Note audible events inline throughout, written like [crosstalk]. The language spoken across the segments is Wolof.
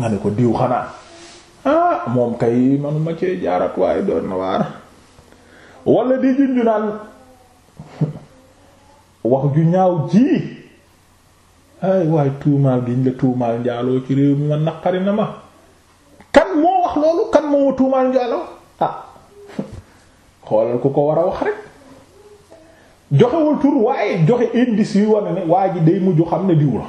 nga ne ko diw xanaa ah moom kay manuma cee jaarat waaye doon na waar di junju [laughs] wax ju ñaaw ji ay waaye tuumaal giñ la tuumaal njaaloo ci réew mi ma naqari na ma kan moo wax loolu kan moo tuumaal njaaloo ah [laughs] xoolal ku ko war a wax rek joxewul tur waaye joxe indice yu wane ne waa ji day mujj xam ne diw la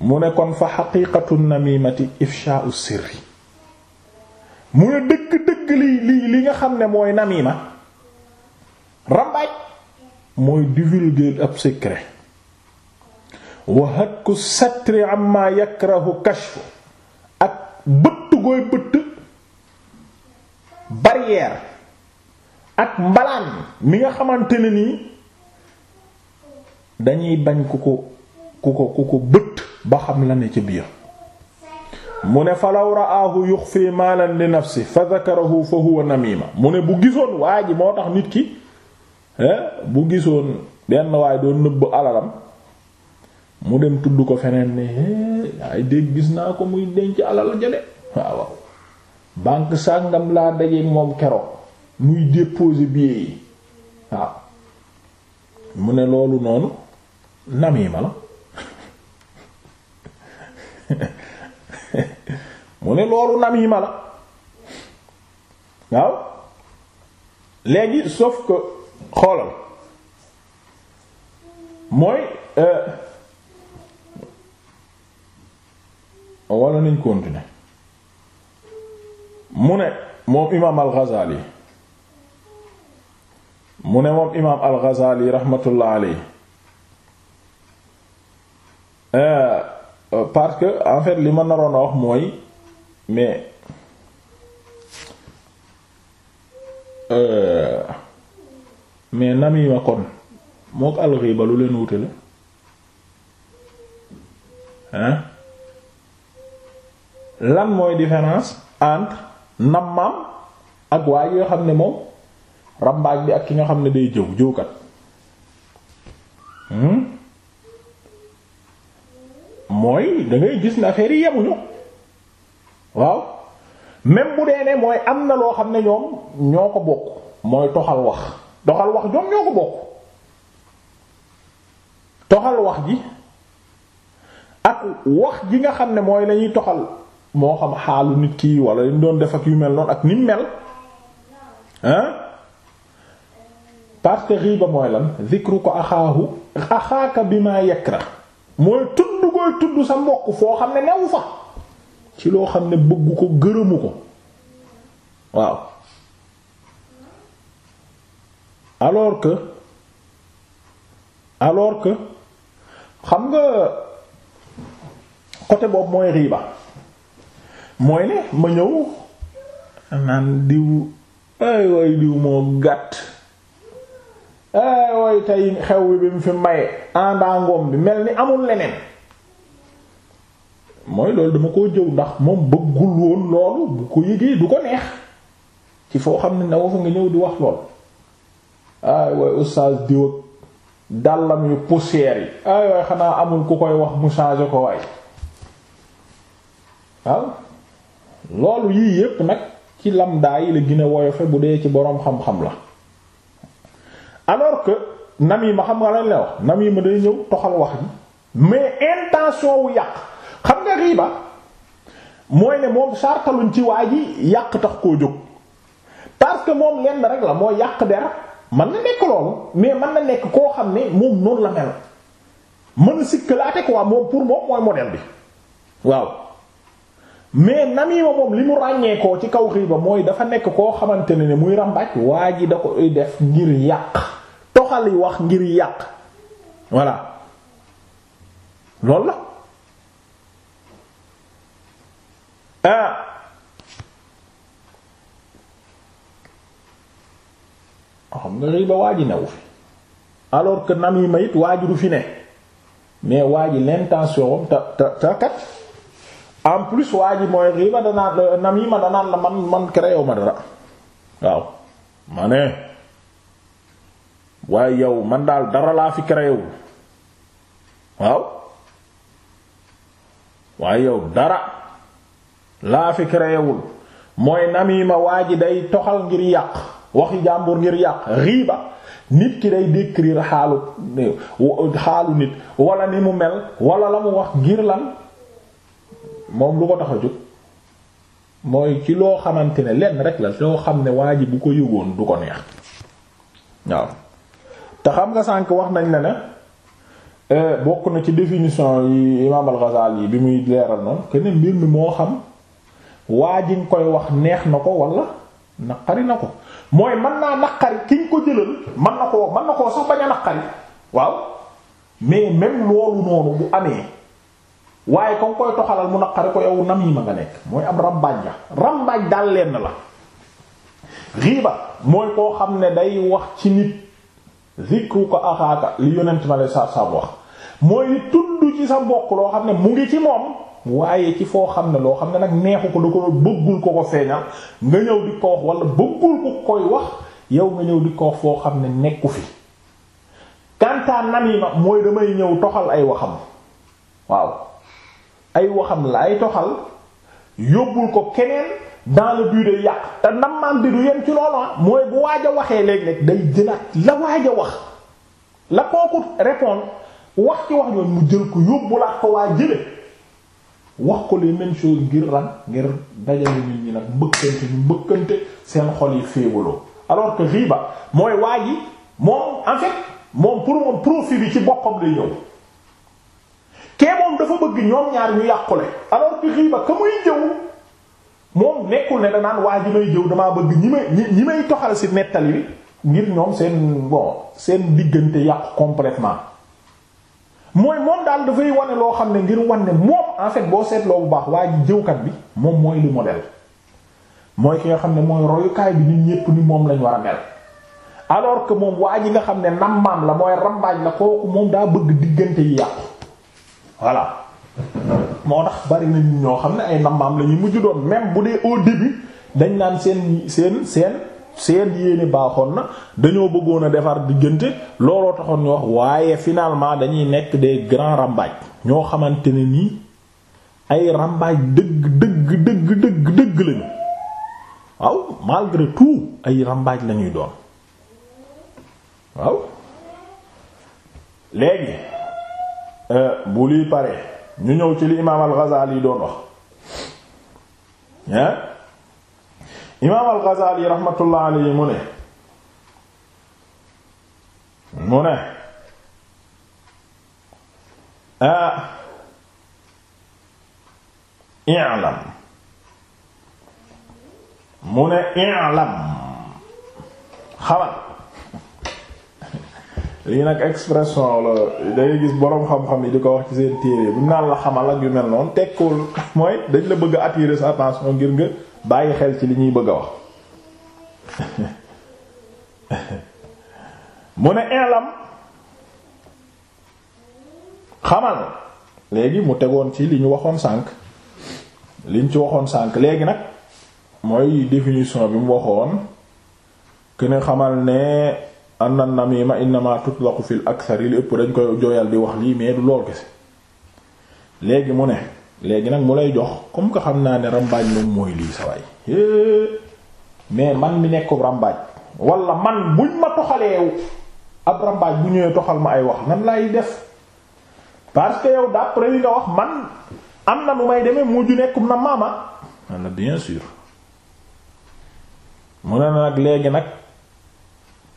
mu ne kon fa xaqiiqatu namimati ifshaa'u sirri mu ne dëgg dëgg li li li nga xam ne mooy namima rambaaj mooy divulguer ab secret wa hakku satri amma yakrahu kashfu ak bëtt gooy bëtt barrière ak mbalaan mi nga xamante ni nii dañuy bañ ku ko ku ko ku ko bëtt ba xam la ne ci biir mu ne falaw raahu yuxfi maalan li nafsi fa zakarahu fa huwa namima mu ne bu gisoon waa ji moo tax nit ki eh, bu gisoon benn waaye doon nëbb alalam mu dem tudd ko feneen ne eh, ay dégg gis naa ko muy denc alal jale waaw waaw banque sàngam laa dajeek moom keroog muy déposer billet yi waaw mu ne loolu noonu namima la [laughs] mu ne loolu namima la waaw léegi sauf que xoolal mooy euh, wala nañ continuer mu ne moom imaam al-Ghazali mu ne moom imaam al-Ghazali rahmatullah alayhi euh, Euh, parce que en fait li ma naroon a wax mooy mais euh, mais namima kon mook alxiiba lu leen wute hein lan mooy différence entre nammaam ak waay yoo xam ne moom rambaaj bi ak ki nga xam ne day jëw jëwkat hmm? mooy dangay gis ne affaire yi yemuñu waaw même bu dee ne mooy am na loo xam ne ñoom ñoo ko bokk mooy toxal wax toxal wax ñoom ñoo ko bokk toxal wax ji ak wax ji nga xam ne mooy lañuy toxal moo xam xaalu nit ki wala li doon def ak yu mel noonu ak ni mel hein parce que riba mooy lan zikru ko axaahu axaaka bi ma yakra mooy tudd koy tudd sa mbokk foo xam ne newu fa ci loo xam ne bëgg ko gërëmu ko waaw alors que alors que xam nga côté boobu mooy riiba mooy ne ma ñëw naan diw ay way diw moo gàtt Eh, way tey xew bi bi mu fi maye àndaangoom bi mel ni amul leneen mooy loolu dama koo jëw ndax moom bëggul woon loolu bu ko yëgee du ko neex ci foo xam ne na wa fa nga ñëw di wax lool ay way oustaz diw ak dàllam yu poussière yi ay way xanaa amul ku koy wax mu changé ko waay waaw loolu yii yépp nag ci lamdaa yi la gën a woyofe bu dee ci boroom xam-xam la alors que ma xam nga lañ la wax namima day ñëw toxal wax ji mais intention wu yàq xam nga riba mooy ne moom sartaluñ ci waa ji yàq tax koo jóg parce que moom lenn rek la moo yàq dara man na nekk loolu mais man na nekk koo xam ne moom noonu la mel mën sikkalaate quoi moom pour moom mooy modèle bi waaw mais namima moom li mu ràññee koo ci kaw riba mooy dafa nekk koo xamante ne ne muy ràmbaaj waa ji da ko def ngir yàq toxali wax ngir yàq voilà loolu la ah xam nga riba waa ji newu fi alors que namima it waa ji du fi ne mais waa ji l'intention te te te kat en plus waa ji mooy riba danaan namima danaan la man man créé ma dara waaw ma waaye yow man daal dara laa fi créewul waaw waaye yow dara laa fi créewul mooy day toxal ngir yàq waxi jàmbur ngir yàq riiba nit ki day décrire xaalu xaalu nit wala ni mu mel wala la mu wax ngir lan moom lu ko tax a jóg mooy ci loo xamante ne lenn rek la loo xam ne waa ji ko yëgoon du ko neex waaw te xam nga sànk wax nañ la ne euh, bokk na ci définition yi imaam al-Ghazali bi muy leeral noonu que mbir mi moo xam waa ji nga koy wax neex na ko wala naqari na ko mooy man naa naqari ki ñu ko jëlal man na koo a naqari waaw mais même loolu noonu bu amee waaye ko nga koy toxalal mu naqari ko yow nam yi ma nga nekk mooy am rambaaj la rambaaj daal lenn la riiba mooy koo xam ne day wax ci nit zikru ko axaaka li yonent ma lay sa sa wax mooy tudd ci sa mbokk loo xam ne mu ngi ci moom waaye ci foo xam ne loo xam ne nag neexu ko da ko bëggul ko ko feeñal nga ñëw di ko wax wala bëggul ko koy wax yow nga ñëw di ko wax foo xam ne nekku fi kanta namima mooy damay ñëw toxal ay waxam waaw ay waxam la ay toxal yóbbul ko keneen dans le but yàq te nammaam bi du yem ci loolu ah mooy bu waaj waxee léeg-léeg day jëlaat la waaj wax la kooku répondre wax ci wax yoon mu jël ko yóbbulaat ko waa jële wax ko les mêmes choses ngir ran ngir dajale nit ñi nag mbëkkante ñu mbëkkante seen xol yi féewaloo alors que riba mooy waa moom en moom pour moom profit bi ci bokkam lay ñëw kee moom dafa bëgg ñoom ñaar ñu yàqule alors que riba ka muy jëw moom nekkul ne danaan waa ji may jëw damaa bëgg ñi may ñi may toxal si nettali ngir ñoom seen bon seen diggante yàqu complètement mooy moom daal dafay wane loo xam ne ngir wane ne moom en fait boo seetloo bu baax waa ji jëwkat bi moom mooy li modèle mooy ki nga xam ne mooy royukaay bi nit ñépp ni moom lañ war a mel alors que moom waa ji nga xam ne nammaam la mooy rambaaj la kooku moom daa bëgg diggante yi yàqu voilà moo tax bari na ñoo xam ne ay nammaam la ñuy mujj doon même bu dee au début dañ naan seen seen seen seen yéene baaxoon na dañoo bëggoon a defar diggante looloo taxoon ñu wax waaye finalement dañuy nekk des grands rambaaj ñoo xamante ni nii ay rambaaj dëgg dëgg dëgg dëgg dëgg lañu waaw malgré tout ay rambaaj lañuy doon waaw léegi euh, bu luy paree ñu ñëw ci li imaam al-Ghazali yi doon wax al-Ghazali rahmatullah alayhi mu ne mu ne ah i'lam mu ne i'lam xamal lii nag expression la dangay gis boroom xam-xam yi di ko wax ci seen téere bu naan la xamal ak yu mel noonu tekkuwul [laughs] mooy dañ la bëgg a attirer sa attention ngir nga bàyyi xel ci li ñuy bëgg a wax [laughs] mu ne ilam xamal léegi mu tegoon ci li ñu waxoon sànq liñ ci waxoon sànq léegi nag mooy définition bi mu waxoon ku xamal ne anna namima innama tutlaqu fil akthari li ëpp dañ koy jooyal di wax lii mais du lool kese léegi mu ne léegi nag mu lay jox comme que xam naa ne rambaaj moom mooy lii sawaay mais man mi nekk rambaaj walla man buñ ma toxalee ab rambaaj bu ñëwee toxal ma ay wax nan lay def parce que yow d'après li nga wax man am na nu may demee mujj nekkum na maama man la bien sûr mu ne nag léegi nag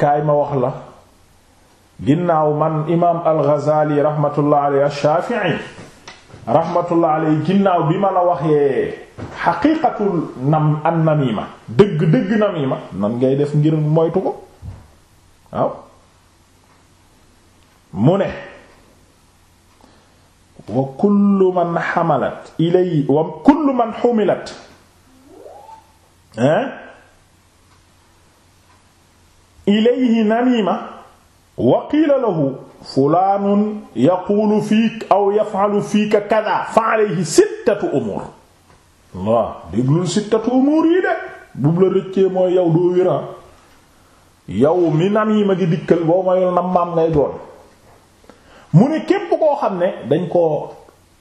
kaay ma wax la ginnaaw man imaam al-Ghazali rahmatullah alayhi ash-Shafi'i rahmatullah alayhi ginnaaw bi ma la waxee xaqiiqatul nam an namima dëgg dëgg namima nan ngay def ngir moytu ko mu ne wa kullu man xamalat ilay wa kullu man xumilat hein ilayhi namima wa qiila lahu fulaanun yaquulu fiik aw yaf'alu fiika kada fa alayhi sittatu umuur waaw déglul sittatu umuur yi de bu la rëccee mooy yow doo wéraa ah. yow mi namima gi dikkal boo mayul nam maam ngay doon mu ne képp koo xam ne dañ ko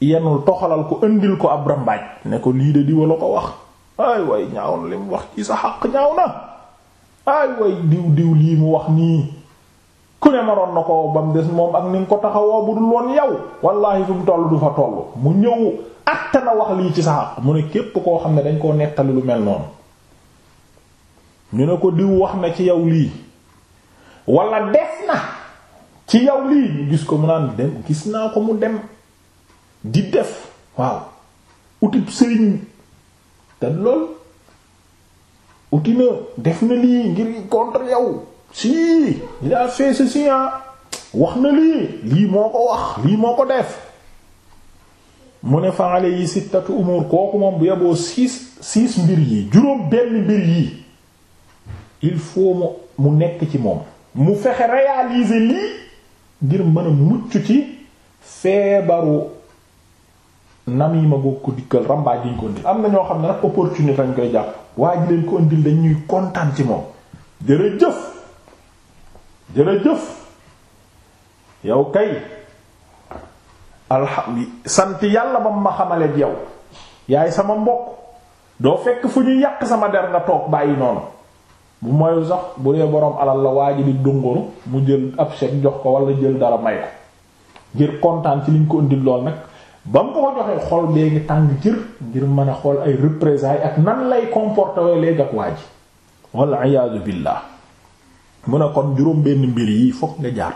yenul toxalal ko indil ko ab rambaaj ne ko lii de di wala ko wax ay way ñaaw li mu wax ci sa xaq ñaaw na ay way diw diw lii mu wax nii ku ne maroon na ko ba mu des moom ak ni ko taxawoo bu dul woon yow wallaahi fi mu du fa toll mu ñëw atta na wax lii ci sa xaq mu ne képp koo xam ne dañ koo nettali lu mel noonu ñu ne ko diw wax na ci yow lii wala def na ci yow lii ñu gis ko mu naan dem gis naa ko mu dem di def waaw utib sëriñ te lool uti def na lii ngir contre yow si il a fait ceci wax na lii lii moo ko wax lii moo ko def mu ne fa alayhi sittatu umur kooku moom bu yeboo six six mbir yi juróom benn mbir yi il faut mu mu nekk ci moom mu fexe réaliser lii ngir mën a mucc ci feebaru namima bokk dikkal rambaaj diñ ko ndi am na ñoo xam ne nag opportunité lañ koy jàpp waa ji leen ko indil dañuy kontaan ci moom jërëjëf jërëjëf yow kay alhamdi sant yàlla ba mu ma xamaleeg yow yaay sama mbokk doo fekk fu ñuy yàq sama der nga toog bàyyi noonu bu mayu sax bu dee boroom alal la waa ji di dunguru mu jël ab chèque jox ko wala jël dara may ko ngir kontaan ci liñ ko indil lool nag ba mu ko joxee xol bee ngi tàng jër ngir mën a xool ay représailles ak nan lay comporté woo léegi ak waa walla mu ne kon juróom benn mbir yi fokk nga jaar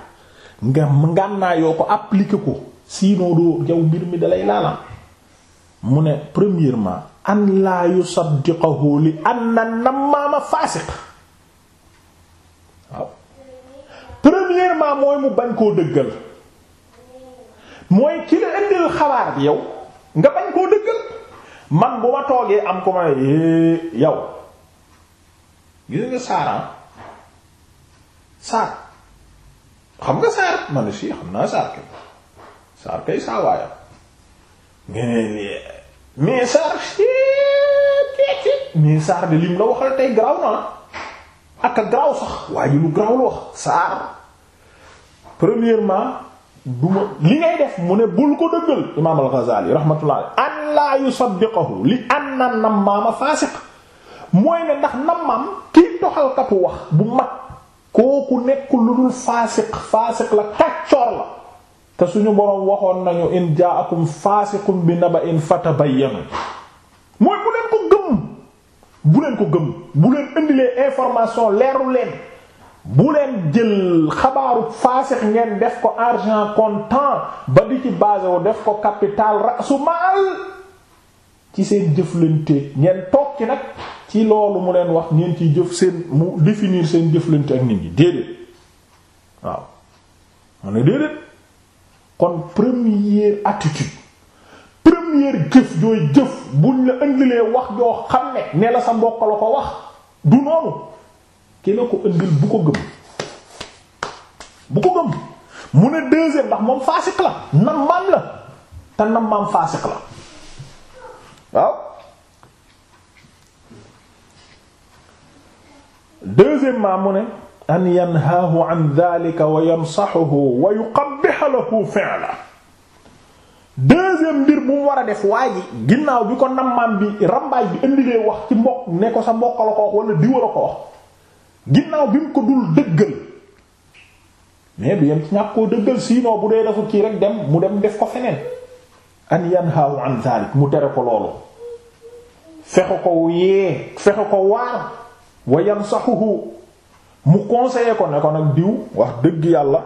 nga ngànnaa ko appliquer ko sinon doo jaw mbir mi dalay laalaan mu ne premièrement an laa yusaddiqahu li anna nammaama faasiq waaw premièrement mooy mu bañ koo dëggal mooy ki la indil xabaar bi yow nga bañ koo dëggal man bu ma toogee am ko ma eh, yow gis nga saaraan ah? saar xam nga saar man si xam naa saar kay saar kay saawaayam ngeen mais saar mais saar de lim la waxal tey graw na ak a graw sax waa lu graw lu wax saar premièrement duma li ngay def mu ne bul ko dëggal imaam al-Ghazali rahmatullah an laa yusaddiqahu li anna nammaama faasiq mooy ne ndax nammaam kiy doxalkatu wax bu mag kooku nekk lu dul faasiq faasiq la kaccoor la te suñu boroom waxoon nañu in ja'akum faasiqun bi naba'in fatabayyanu mooy bu leen ko gëm bu leen ko gëm bu leen indilee information leeru leen bu leen jël xabaaru faasix ngeen def ko argent comptant ba di ci basé wu def ko capital rasu maal ci seen jëflanteeg ngeen toog ci nag ci loolu mu leen wax ngeen ciy jëf seen mu définir seen jëflante ak nit ñi déedéet waaw ma ne déedéet kon première attitude première jëf jooy jëf buñ la indilee wax joo xam ne ne la sa mbokk la ko wax du noonu ki la ko ëndil bu ko gëm bu ko gëm mu ne deuxième ndax moom faasiq la nam la te nam maam faasiq la waaw deuxièmement mu ne an yanhaahu an dhalika wa yansahuhu wa yuqabbihu lahu fi'la deuxième mbir bu mu war a def waa ji ginnaaw bi ko nammaam bi rambaaj bi indilee wax ci mbokk ne ko sa mbokk la ko wax wala diwa la ko wax ginnaaw bi mu ko dul dëggal mais du yem ci ñàkk koo dëggal sinon bu dee dafa kii rek dem mu dem def ko feneen an yanhahu an zalik mu tere ko loolu fexe ko yee fexe ko waar wa yan yansahuhu mu conseiller ko ne ko nag diw wax dëgg yàlla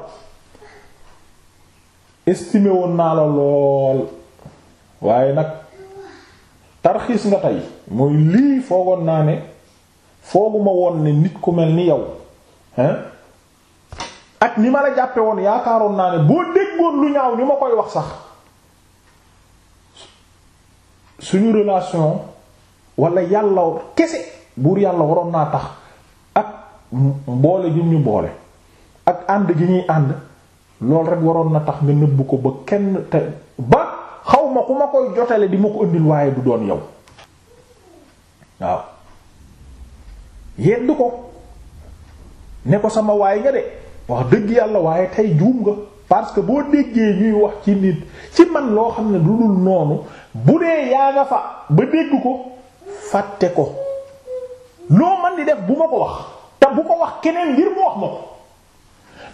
estimé woon naa la lool waaye nag tarxiis nga tey mooy lii foogoon naa ne fooguma woon ne nit ku mel ni yow hein ak ni ma la jàppe woon yaakaaroon naa ne boo déggoon lu ñaaw ni ma koy wax sax suñu relation wala yàlla kese buur yàlla waroon naa tax ak mboole gi ñu boole ak ànd gi ñuy ànd loolu rek waroon na tax nga nëbb ko ba kenn te ba xaw ma ku ma koy jotale di ma ko indil waaye du doon yow waaw yeddu ko ne ko sama waay nga de wax dëgg yàlla waaye tey juum nga parce que boo déggee ñuy wax ci nit ci man loo xam ne lu dul noonu bu dee yaa nga fa ba dégg ko fàtte ko loo man di def bu ma ko wax te bu ko wax keneen ngir mu wax ma ko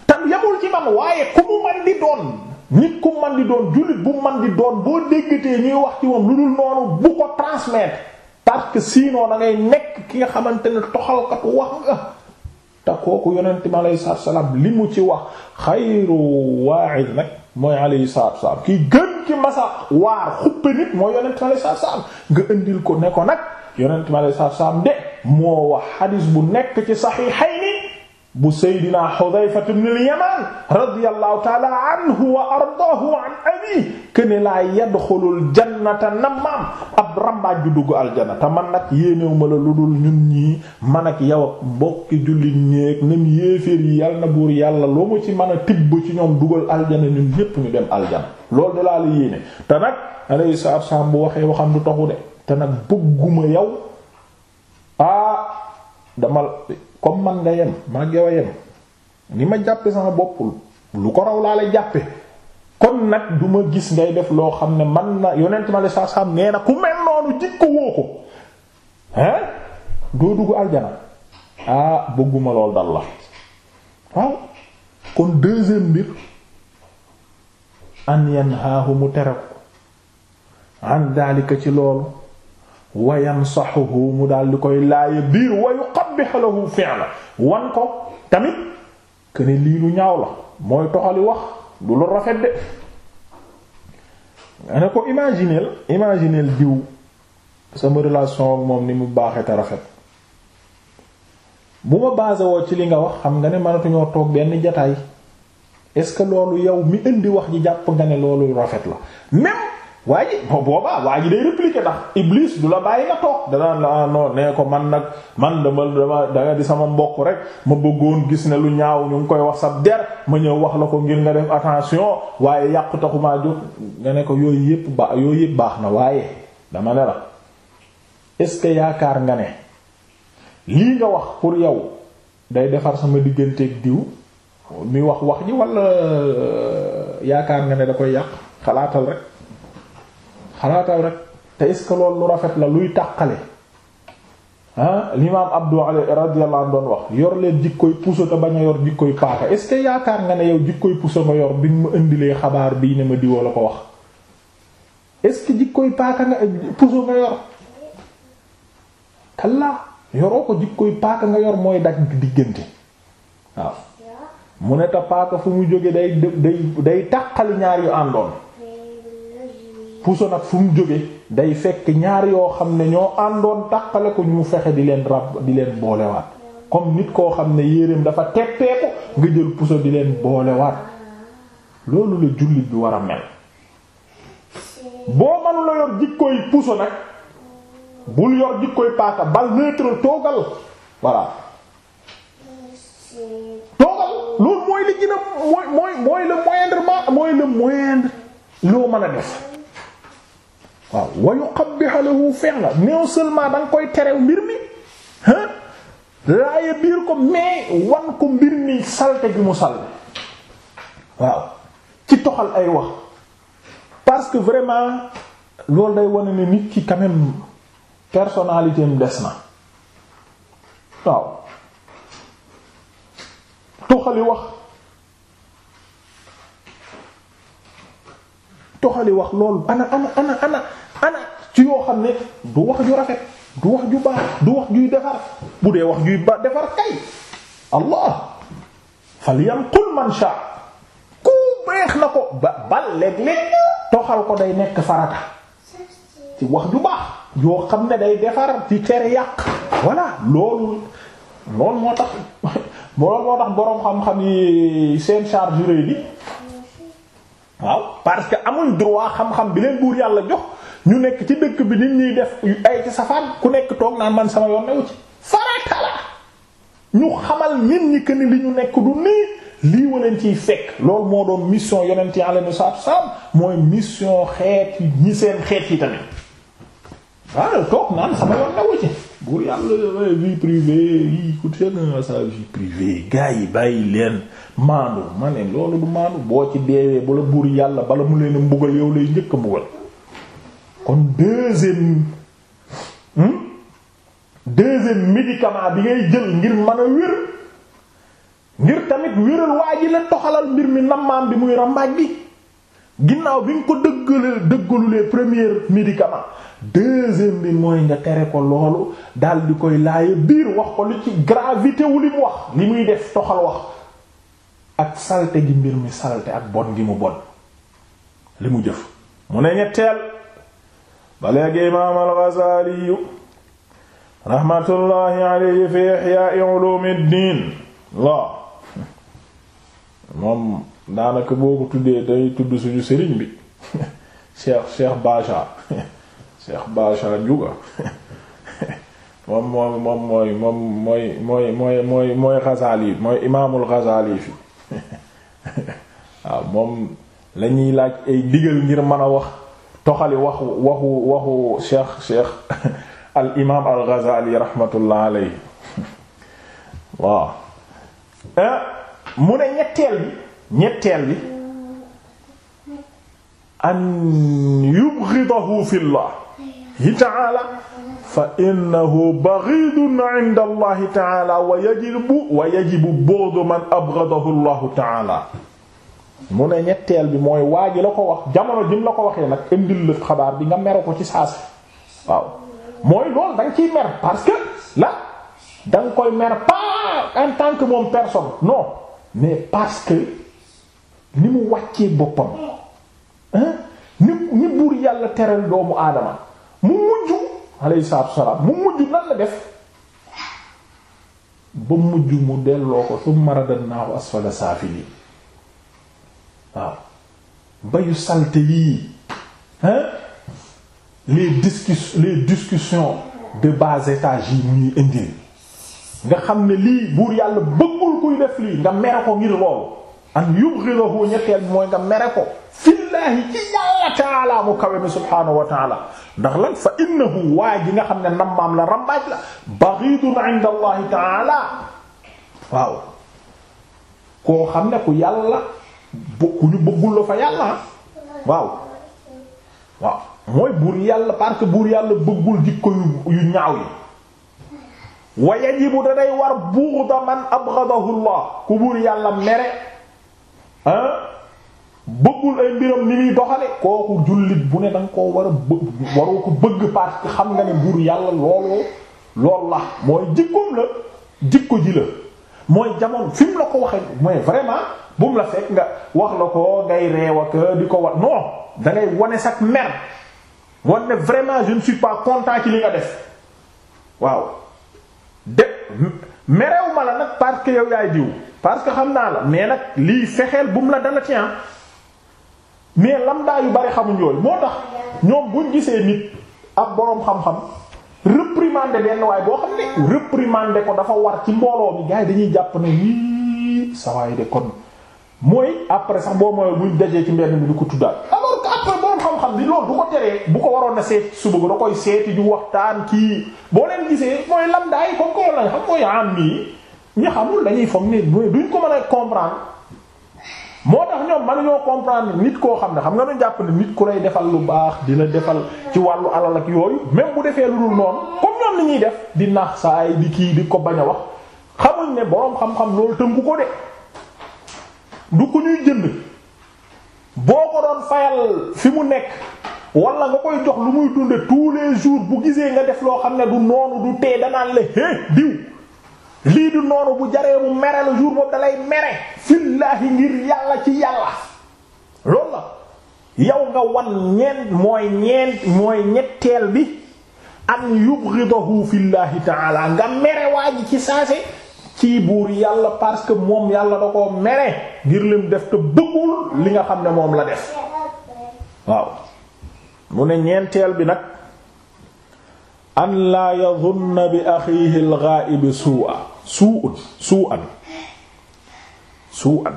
te yamul ci man waaye ku mu man di doon nit ku man di doon jullit bu man di doon boo déggatee ñuy wax ci moom lu dul noonu bu ko transmettre parce que sinon da nekk ki nga xamante ne toxalkatu wax nga te kooku yonent mi aleyhi salaatu salaam li mu ci wax xayru waa'iz nag mooy aleyhi salaatu salaam ki gën ki masa waar xuppe nit mooy yonent mi aleyhi salaatu salaam nga indil ko ne nag yonent mi aleyhi salaatu salaam de moo wax xadiis bu nekk ci saxiixayni bu Seydina Hudayfa ibn al-Yaman radiyallahu ta'ala anhu wa ardaahu an abi kene laa yadxulul jannata nammaam ab rambaaj du dugg aljana te man nag yéenewuma la lu dul ñun ñi man ak yow ak mbokki jullit ñeek nem yéeféer yi yal buur yàlla loo mu ci mën a tibb ci ñoom dugal aljana ñun ñépp ñu dem aljana loolu de laa la yéene te nag alayhi salaatu wa bu waxee waxam du taxu de te nag bëgguma yow ah dama comme man nga yem man yow a yem ni ma jàppe sama bopp lu ko raw laa la jàppe kon nag du ma gis ngay def loo xam ne man na yonent ma la saa saa nee na ku mel noonu jikko woo ko hein doo dugg aljana ah bëgguma lool dal la waaw kon deuxième mbir an yanhaahu mu tere ko an daalika ci loolu wa yansaxuhu mu daal di koy laaye biir wa yuqabbihu lahu fi'la wan ko tamit kene lii lu ñaaw la mooy toxali wax du lu rafet de ne ko imagineel imagineel diw sama relation ak moom ni mu baaxee te rafet bu ma basé woo ci li nga wax xam nga ne mënatuñoo toog benn jataay est-ce que loolu yow mi indi wax ji jàpp nga ne loolu rafet la même waa ji boobaa waa ji day répliquer ndax Iblis du la bàyyi nga toog danaan la ah nee ko man nag man dama dama da di sama mbokk rek ma bëggoon gis ne lu ñaaw ñu ngi koy wax sa der ma ñëw wax la ko ngir nga def attention waaye yàqu taxu maa jóg nga ne ko yooyu yëpp ba yooyu yëpp baax na waaye dama ne la est-ce que yaakaar nga ne lii nga wax pour yow day defar sama digganteeg diw mi wax wax ji walla euh, yaakaar nga ne da koy yàq xalaatal rek. xanaa taw rek te est loolu lu rafet la luy tàqale ah l'imam Abdou radiyallahu anhu doon wax yor leen jikkoy puso te bañ a yor jikkoy paaka est-ce yaakaar nga ne yow jikkoy puso nga yor bi ma indilee xabaar bii ne ma diwoo la ko wax est-ce que jikkoy paaka nga puso nga yor mooy dagg diggante waaw mu ne ta paaka fu mu jóge day day day tàqali ñaar yu àndoon puso nag fu mu jóge day fekk ñaar yoo xam ne ñoo àndoon tàqale ko ñu fexe di leen rab di leen boole boolewaat comme nit koo xam ne yéreem dafa teppeeku nga jël puso di leen boolewaat loolu la jullit bi war a mel boo la yor jikkooy puso nag bul yor jikkooy paaka bal neutre toogal voilà toogal loolu mooy li mooy mooy mooy le moindre loo mën a def waaw wa yuqabbihu lahu fi'la non seulement da nga koy terew mbir mi ah laaye biir ko mais wan ko mbir mi salte gi mu salte waaw ci toxal ay wax parce que vraiment loolu day wane ne nit ki quand même personnalité am des na waaw toxali wax toxali wax loolu ana ana ana ana ci yoo xam ne du wax ju rafet du wax ju baax du wax juy defar bu dee wax juy baax defar kay allah falyanqul man sha ku beex na ko ba bal léeg-léeg toxal ko day nekk farata ci wax ju baax yoo xam ne day defar ci cere yàq voilà loolu loolu moo tax [laughs] moo tax boroom xam-xam yi seen charge réy bi waaw parce que amuñ droit xam-xam bi leen buur yàlla jox ñu nekk ci dëkk bi nit ñuy def ay ci safaan ku nekk toog naan man sama yoon newu ci farata la ñu xamal nit ñi que ni li ñu nekk du nii lii waleen ciy fekk loolu moo doon mission yonent yi alayhi salaam mooy mission xeet ñi seen xeet yi tamit waaw toog naan sama yoon newu ci buur yàlla vie privée yi ku teel na sa vie privée gars yi bàyyi leen maandu ma ne loolu du maandu boo ci deewee bala buur yàlla bala mu leen mbugal yow lay njëkk mbugal kon deuxième hmm? deuxième médicament bi ngay jël ngir mën a wér ngir tamit wéral waa ji la toxalal mbir mi nammaam bi muy rambaaj bi ginnaaw bi nga ko dëggalee dëggalulee premier médicament deuxième bi mooy nga tere ko loolu daldi koy laaye biir wax ko lu ci gravité wu li mu wax li muy def toxal wax ak salte gi mbir mi salte ak bon gi mu bon li mu jëf mu ne ñetteel ba léegi imaam al-Ghazali rahmatullahi alayhi fi ihya'i ulumuddin la moom daanaka boo tuddee day tudd suñu sëriñ bi [laughs] Cheikh Cheikh Bacha [laughs] Cheikh Bacha Ndiouga moom moom moom mooy moom mooy mooy mooy mooy mooy Ghazali mooy imaamul Ghazali fi waaw moom la ñuy laaj ay digal ngir mën a wax toxali waxu waxu waxu Cheikh Cheikh al imaam al Ghazali rahmatullah alayhi waaw eh, mu ne ñetteel bi ñetteel bi an yubghidahu fillah ta'ala fa innahu baghidun 'inda Allah ta'ala wa yajibu wa yajibu bughdu man abghadahu Allah ta'ala mu ne ñetteel bi mooy waa ji la ko wax jamono jëm la ko waxee nag indil la xabaar bi nga mere ko ci saasi waaw mooy loolu da nga ciy mer parce que la da koy mer pas en tant que moom personne non mais parce que ni mu wàccee boppam ni ni buur yàlla teral doomu aadama mu mujj alayhi salaatu wassalaam mu mujj nan la def ba mujj mu delloo ko summa radadnaahu asfala saafiliin waaw bayu salte yii hein les discus les discussions de bas étage yi ñuy indil nga xam ne lii buur yàlla bëggul kuy def lii nga mere ko ngir loolu an yubghidahu ñetteel mooy nga mere ko fillaahi ci yàlla taala mu kawe mi subhaanahu wa taala ndax lan fa innahu waa ji nga xam ne nammaam la rambaaj la baghidun inda allahi taala waaw koo xam ne ku yàlla ku ñu bëggul la fa yàlla waaw waaw mooy buur yàlla parce que buur yàlla bëggul jikko yu ñaaw yi wa yajibu da day war bughda man abghadahu allah ku buur yàlla mere bëggul ay mbiram ni doxale kooku jullit bu ne danga koo war a bëgg waroo ko bëgg parce que xam nga ne buur yàlla looloo lool la mooy jikkoom la jikko ji la mooy jamono fi la ko waxee mooy vraiment bu la fekk nga wax la ko ngay reew ak di ko war non dangay wane sax mer wan ne vraiment je ne suis pas content ci li nga def waaw de merew ma la nag parce que yow yaay diw parce que xam naa la mais nag lii fexeel bu mu la dala tien ah mais lamdaa yu bari xamuñ yooyu moo tax ñoom buñ gisee nit ak boroom xam-xam réprimander benn waaye boo xam ne réprimander ko dafa war ci mbooloo mi gars yi dañuy jàpp ne yii sawaay de kon mooy après sax boo mooy buñ dajee ci mbenn bi du ko tuddaal alors que après boroom xam-xam bi loolu du ko teree bu ko waroon na seeti suba ba da koy seeti ju waxtaan kii boo leen gisee mooy lamdaa yi ñi xamul dañuy foog ne duñ ko mën a comprendre moo tax ñoom mënuñoo comprendre nit koo xam ne xam nga nu jàpp ne nit ku lay defal lu baax dina defal ci wàllu alal ak yooyu même bu defee lu dul noonu comme ñoom ni ñuy def di nax saay di kii di ko bañ a wax xamuñ ne boroom xam-xam loolu tënku ko de du ko ñuy jënd boo ko doon fayal fi mu nekk wala nga koy jox lu muy dunde tous les jours bu gisee nga def loo xam ne du noonu du tee danaan la é diw lii du noonu bu jaree mu mere le jour boobu dalay mere fillaahi ngir yàlla ci yàlla loolu la yow nga wan ñeent mooy ñeent mooy ñetteel bi an yubghidahu fillaahi ta'ala nga mere waa ji ci saase ci buur yàlla parce que moom yàlla da ko mere ngir lim def te bëggul li nga xam ne moom la def waaw mu ne ñeenteel bi nag an laa yadhunna bi akhihi al-gha'ib su'a suu suu an suu an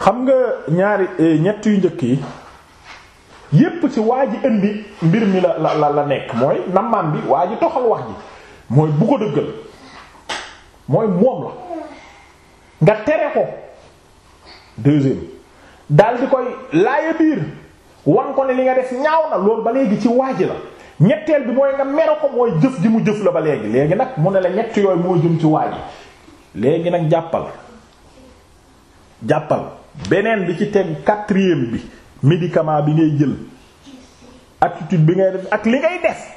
xam nga ñaari e, ñett yu njëkk yi yépp ci waa ji indi mbir mi la la la nekk mooy nammaam bi waa ji toxal wax ji mooy bu ko dëggal mooy moom la nga tere ko deuxième dal di koy laaya biir wan ko ne li nga def ñaaw na loolu ba léegi ci waa ji la ñetteel bi mooy nga mere ko mooy jëf ji mu jëf la ba léegi léegi nag mu ne la ñett yooyu moo jëm ci waa ji léegi nag jàppal jàppal beneen bi ci teg quatrième bi médicament bi ngay jël attitude bi ngay def ak li ngay def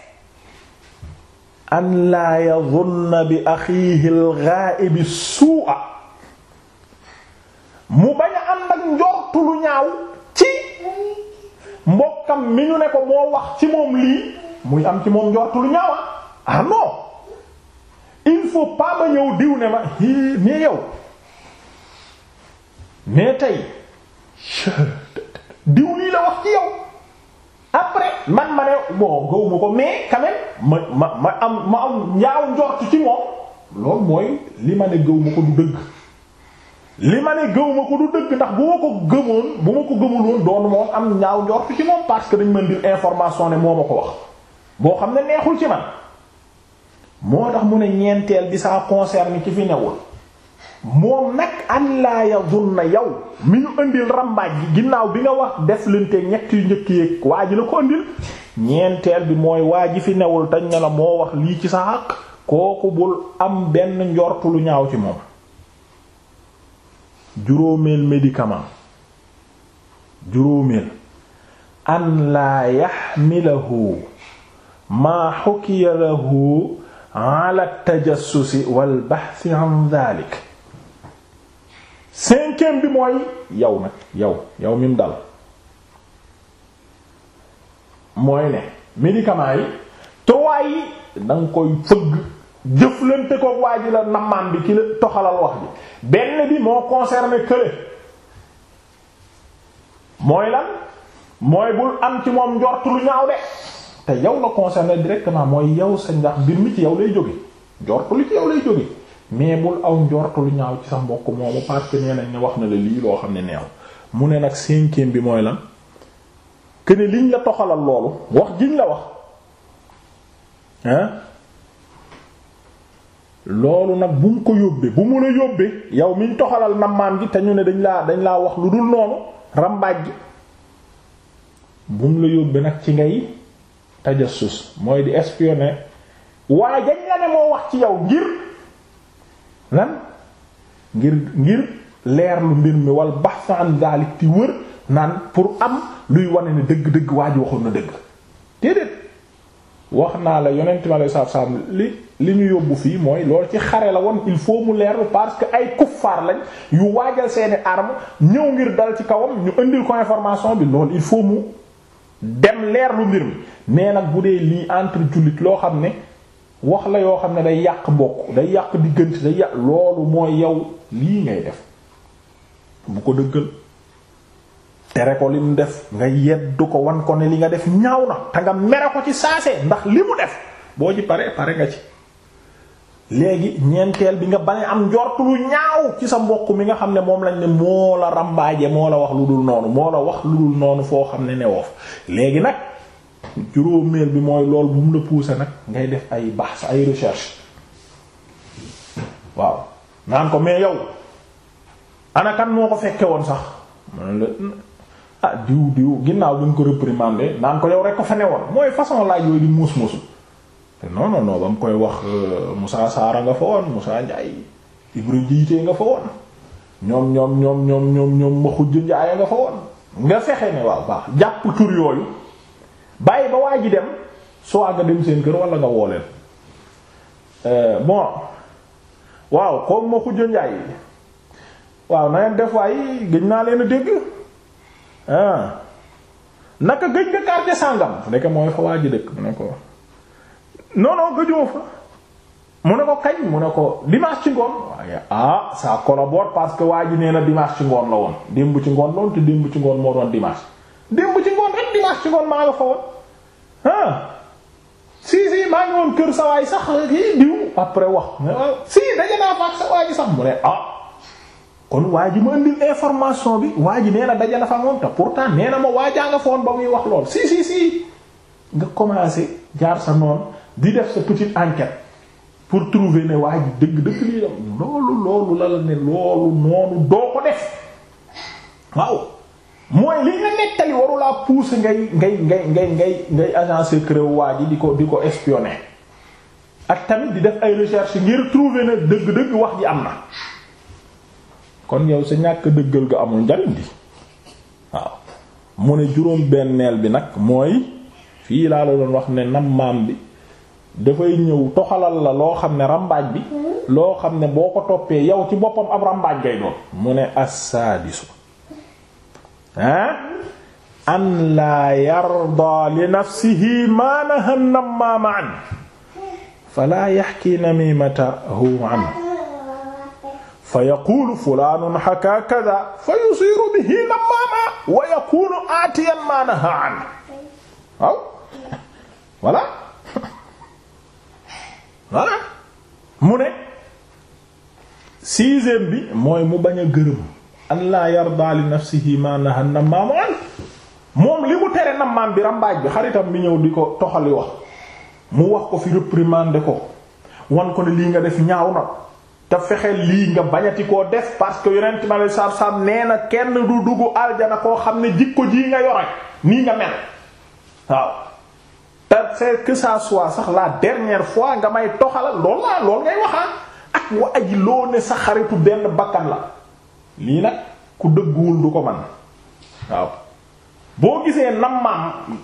bi axiihi al-ghaa'ib suu'a mu ba a ànd ak njortu lu ñaaw ci mbokkam mi ñu ne ko moo wax ci moom lii muy am ci moom njortu lu ñaawa ah non il faut pas ma ñëw diw ne ma hi mais yow mais tey diw lii la wax ci yow après man ma ne bon gëwuma ko mais quand même ma ma ma am ma am ñaaw njortu ci moom loolu mooy li ma ne gëwuma ko du dëgg li ma ne gëwuma ko du dëgg ndax bu ko gëmoon bu ma ko gëmul woon doonu moom am ñaaw njortu ci moom parce que dañ mën di information ne moo ma ko wax boo xam ne neexul ci man moo tax mu ne ñeenteel bi saa concerne ci fi newul moom nag an laa na yow mi ñu indil rambaaj gi ginnaaw bi nga wax def lante ñett yu njëkk yéeg waa ji la ko indil ñeenteel bi mooy waa ji fi newul tañ ne la moo wax lii ci sa xaq kooku bul am benn njortu lu ñaaw ci moom juróomeel médicament juróomeel an laa yaxmilahu maa xukiya lahu ala tajassusi wal bahthi an dhalik cinquième bi mooy yow nag yow yow mi mu dal mooy ne médicament yi trois yi danga koy fëgg jëflante ko waa ji la namaan bi ki la toxalal wax bi benn bi moo concerné kële mooy lan mooy bul am ci moom njort lu ñaaw de te yow la concerné directement mooy yow sa ndax mbir mi ci yow lay jóge njortu li ci yow lay jóge mais bul aw njortu lu ñaaw ci sa mbokk moomu parce que nee ne wax na la lii loo xam ne neew mu ne nag cinquième bi mooy lan que liñ la toxalal loolu wax jiñ la wax hein loolu nag bu mu ko yóbbee bu mu la yóbbee yow miñ toxalal na nammaan gi te ñu ne dañ laa dañ laa wax lu dul noonu rambaaj bu mu la yóbbee nag ci ngay tajassus mooy di espionner waaye jañ la ne moo wax ci yow ngir lan ngir ngir leerlu mbir mi wal bahth an zalik di wër naan pour am luy wane ne dëgg-dëgg waa ji waxoon na dëgg déedéet wax naa la yonent mi alei satu salaam li li ñu yóbbu fii mooy loolu ci xare la woon il faut mu leerlu parce que ay kuffaar lañ yu waajal seeni arme ñëw ngir dal ci kawam ñu indil ko information bi loolu il faut mu dem leer lu mbir mi mais nag bu dee lii entre jullit loo xam ne wax la yoo xam ne day yàq bokk day yàq diggante day yàq loolu mooy yow lii ngay def bu ko dëggal tere ko lim def nga yeddu ko wan ko ne li nga def ñaaw na te nga mere ko ci saase ndax li mu def boo ci pare pare nga ci léegi ñeenteel bi nga bane am njort ñaaw ci sa mbokk mi nga xam ne moom lañ ne moo la rambaaje moo la wax lu dul noonu moo la wax lu dul noonu foo xam ne newoof léegi nag juróomeel bi mooy lool bu mu la pousser nag ngay def ay baax ay recherche waaw naan ko mais yow ana kan moo ko fekke woon sax ah diw diw ginnaaw bi nga ko réprimander naan ko yow rek ko fa ne woon mooy façon laaj yooyu di muus muusu non non ba mu koy wax euh, musaa Saara nga fa woon Moussa Ndiaye Ibra Jiite nga fa woon ñoom ñoom ñoom ñoom ñoom ñoom Maxuj Ndiaye nga fa woon nga fexe ne waaw baax jàpp tur yooyu bàyyi ba waa ji dem soo nga dem seen kër wala nga woo leen euh, bon waaw comme Maxuj Ndiaye waaw na leen def waay gëj naa leen a dégg ah naka gëj nga quartier sàngam nekk mooy fa waa ji dëkk mu ne ko. non non gëjoo fa mu ne ko kañ mu ne ko dimanche ci ngoon waaye ah ça collabore parce que waa ji nee na dimanche ci ngoon la woon démb ci ngoon loolu te démb ci ngoon moo doon dimanche démb ci ngoon rek dimanche ci ngoon maa nga fa woon ah si si kër sa waay sax kii diw wax ah, si daje naa ji sax mu ah. kon waa ji ma indil information bi waa ji nee na daje na fa moom te pourtant nee na nga wax lool si si nga commencé jaar sa noonu. di def sa petite enquête pour trouver ne waa ji dëgg-dëgg lii la loolu loolu la la ne loolu noonu doo ko def waaw mooy li nga nettali waru laa ngay ngay ngay ngay ngay ngay agent waa ji di ko di ko espionner ak tamit di def ay recherche ngir trouver ne dëgg-dëgg wax ji am na kon yow sa ñàkk dëggal ga amul njariñ di waaw mu ne juróom benneel bi nag mooy fii laa la doon wax ne nam maam bi dafay ñëw toxalal la loo xam ne rambaaj bi loo xam ne boo ko toppee yow ci boppam ab rambaaj ngay doon mu ne assaadisu ah an laa yarda li nafsihi ma naha nammaama an falaa yaxki namimatahu an fa yaquulu fulaanun xakaa kada fa yusiiru bihi nammaama wa yakuunu aatiyan ma naha an waaw voilà voilà mu ne sixième bi mooy mu bañ a gërëm an laa yarda li nafsihi ma naha nammaam moom li mu tere nammaam bi rambaaj bi xaritam bi ñëw di ko toxali wax mu wax ko fi réprimander ko wan ko ne lii nga def ñaaw na te fexeel lii nga bañati koo def parce que yonent ma lay saab-saab nee na kenn du dugg aljana koo xam ne jikko ji nga yore nii nga mel waaw faire que ça soit sax la dernière fois nga may toxalal lool laa lool ngay waxaa ah. ak wa aji loo ne sa xaritu benn bakkan la lii nag ku dëgguwul du ko man waaw boo gisee nammaam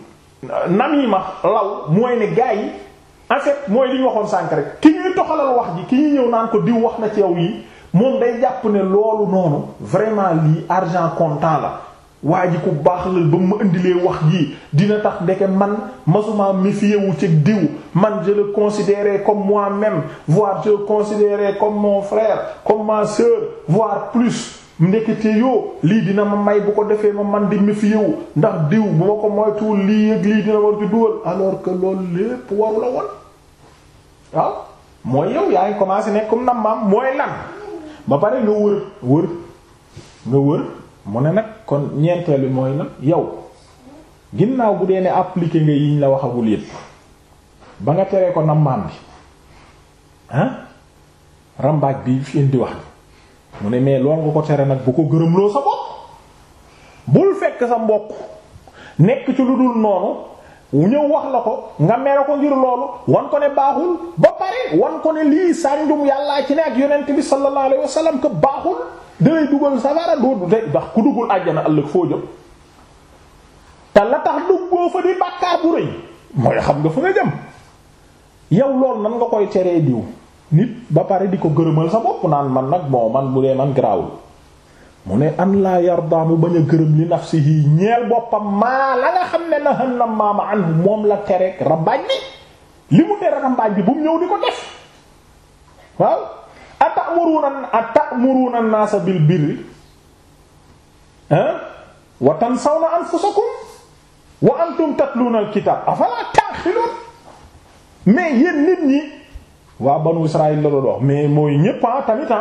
namima law mooy ne gaa yi afet fait mooy li waxoon sànk rek ki ñuy toxalal wax ji ki ñuy ñëw naan ko diw wax na ci yow lii moom day jàpp ne loolu noonu vraiment lii argent comptant la waa ji ku baax la ba mu ma indilee wax jii dina tax ndeke man masuma méfier wu ci diw man je le considérais comme moi-même voire je le considérais comme mon frère comme ma sœur voire plus ndekete yoo lii dina ma may bu ko defee ma man di méfier wu ndax diw bu ma ko moytuwul lii yëg lii dina war ci dugal que loolu lépp waru la woon waaw ah, mooy yow yaa ngi commencé nekk comme nam maam mooy lan ba pare nga wër nga wër mu ne nag kon ñeenteel bi mooy la yow ginnaaw bu dee ne appliqué nga yiñ la waxagul yépp ba nga teree ko nammaan bi ah rambaaj bi fi di wax bi mu ne mais lool ko tere nag bu ko gërëmloo sa bopp bul fekk sa mbokk nekk ci lu dul noonu ñëw wax la ko nga mere ko ngir loolu wan ko ne baaxul ba pare wan ko ne lii sànjum yàllaa ci ne ak yonent bi sallallahu alayhi wasallam baaxul dalay dugal safara dootu te ndax ku duggul àjjana ëllëg foo jëm te la tax duggoo fa di bàkkaar bu rëy mooy xam nga fa nga jëm yow loolu nan nga koy teree diw nit ba pare di ko gërëmal sa bopp naan man nag bon man bu dee man garaawul mu ne an laa yarda mu bañ a gërëm li nafsihi ñeel boppam maa la nga xam ne nahannam maama an moom la terek rambaaj bi li mu tere rambaaj bi bu ñëw di ko def waaw atamuruna atamuruna an-naasa bil birri wa tansawna anfusakum wa antum tatluuna al-kitaab afalaa ta'qiluun mais yéen nit ñi waa banu Israaïl la doon wax mais mooy ñépp ah tamit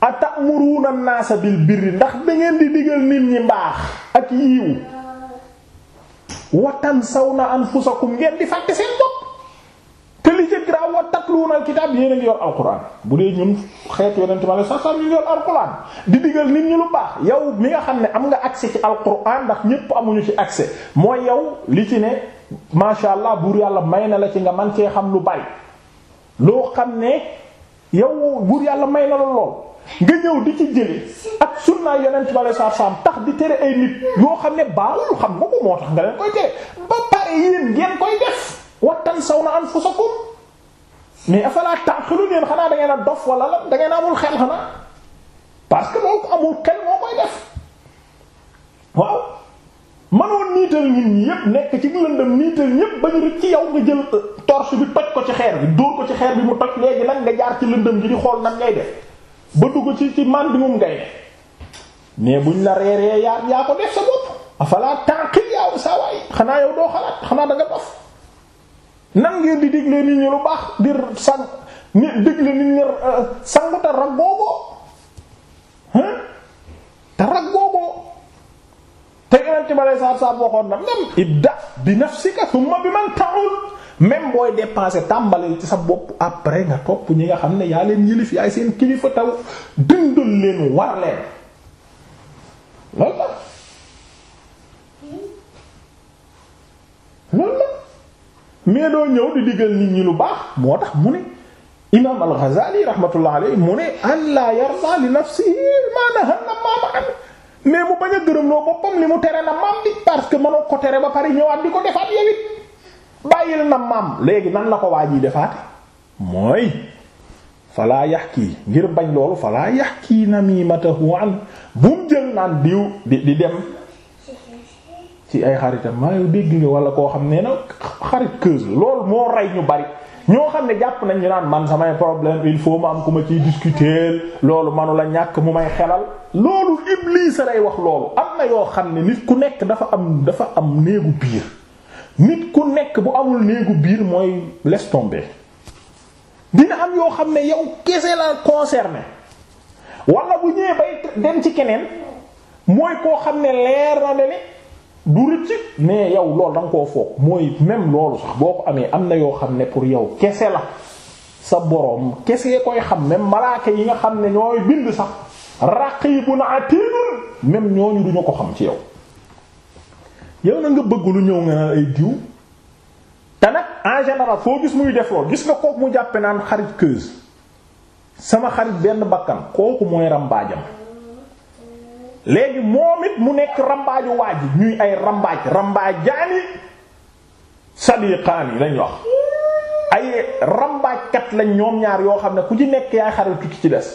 atamuruna an-naasa bil birri ndax da ngeen di digal nit ñi mbaax ak yiiw wa tansawna anfusakum ngeen di fàtte seen bopp yatluuna alkitaab yéen a ngi yor alquran bu dee ñun xeetu yonente ma la sax di digal nit lu baax yow mi nga xam ne am nga accès ci alquran ndax ñépp amuñu ci accès mooy yow li ci ne masha allah buur yàlla may na la ci nga man cee xam lu bari loo xam ne yow buur yàlla may na la ñëw di ci jële ak sunna yonent bi saa saam tax di tere ay nit yoo xam ne baaxul xam nga ko moo tax nga leen koy tere ba pare yéen ngeen koy def wattan saw na anfusakum mais afala ta'qilun yéen xanaa da ngeen a dof wala la da parce que amul xel moo koy def nekk ci lëndëm niital ñépp ba ñu ci yow nga jël euh, torche bi toj ko ci xeer bi dóor ko ci xeer bi mu léegi nag nga jaar ci lëndëm gi di xool nan ngay def dugg ci ci mandimum ngay mais buñ la reeree yaa yaa ko def sa bopp xanaa yow doo xalaat xanaa da dof nan ngeen di nit ñi lu baax di sang ni digle nit ñi euh, sangu te rag booboo hein te rag booboo te yonent bi aleyhi salaatu salaam waxoon na même ibda bi nafsika thumma bi man ta'ul même booy dépenser tàmbali ci sa bopp après nga topp ñi nga xam ne yaa leen yilif yaay seen kilifa taw dundal leen war leen loolu la loolu la mais doo ñëw di diggal nit ñi lu baax moo tax mu ne imaam al-Ghazali mu ne an la yarda li nafsihi ma naha na maama am mu bañ a gërëm loo boppam li mu tere na maam bi parce que mënoo ko tere ba pare ñëwaat di ko defaat yow bàyyil na maam léegi nan la ko waa ji defaate mooy falaa yax kii ngir bañ loolu falaa yax kii namimatahu an bu mu jël naan diw di di dem ci ay xaritam maa yow dégg nga wala koo xam ne na xarit keuse la loolu moo rey ñu bari ñoo xam ne jàpp nañ ñu naan man samay problème il faut ma am ku ma ci discuter loolu manu la ñàkk mu may xelal loolu Iblis lay wax loolu am na yoo xam ne nit ku nekk dafa am dafa am néegu biir nit ku nekk bu amul néegu biir mooy laisse tomber dina am yoo xam ne yow kese la concerné wala bu ñëwee bay dem ci keneen mooy koo xam ne leer na ne du rëcc mais yow lool da nga koo foog mooy même loolu sax boo ko amee am na yoo xam ne pour yow kese la sa boroom kese koy xam même malaaka yi nga xam ne ñooy bind sax raqibun atid même ñooñu duñu ko xam ci yow yow na nga bëgg lu ñëw nga naan ay diw te nag en général foo gis muy def lool gis nga kooku mu jàppe naan xarit keuse sama xarit benn bakkan kooku mooy rambaajam léegi moom mu nekk rambaaju waa ji ñuy ay rambaaj rambaajaani sadiqaani lañ wax ay rambaajkat lañ ñoom ñaar yoo xam ne ku ci nekk yaay xaral ki ci des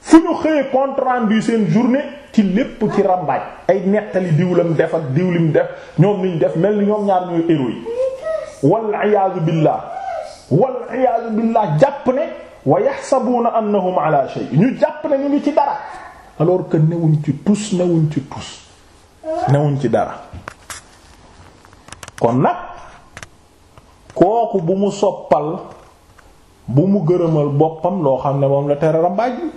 fu ñu xëyee compte rendu seen journée ci lépp ci rambaaj ay nettali diwlam def ak diwlim def ñoom niñ def mel ni ñoom ñaar ñooy héros yi wal iyaazu billah wal iyaazu billah jàpp ne wa yaxsabuuna annahum ala shay ñu jàpp ne ñu ngi ci dara alors que newuñ ci tus newuñ ci tus newuñ ci dara kon nag kooku bu mu soppal bu mu gërëmal boppam loo xam ne moom la tere rambaaj bi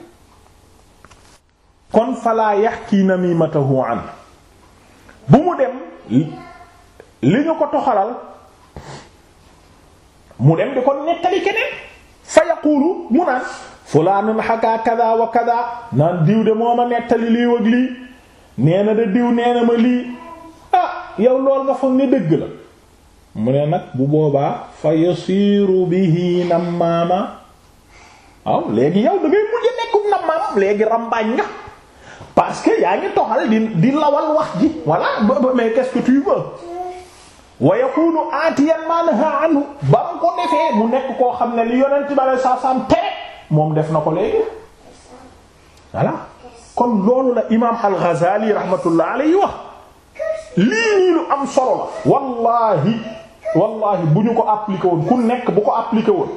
kon falaa yaxki namimatahu an bu mu dem li ñu ko toxalal mu dem di ko nettali keneen fa yaqulu mu naan fulaanun xakaa kada wa kada naan diw de moo ma nettali lii wëg lii nee na diw nee ma lii ah, yow lool nga foog ne dëgg la mu ne nag bu boobaa fa yasiru bihi que yaa ngi toxal di di lawal wax ji voilà mais qu'est-ce que tu veux wa yakunu atiyan ma naha ba mu ko defee mu nekk koo xam ne li yonent bi sallallahu alayhi moom def na ko léegi voilà kon loolu la imaam al-Ghazali rahmatullah alayhi wax lii nii am solo la wallahi wallahi bu ñu ko appliqué woon ku nekk bu ko appliqué woon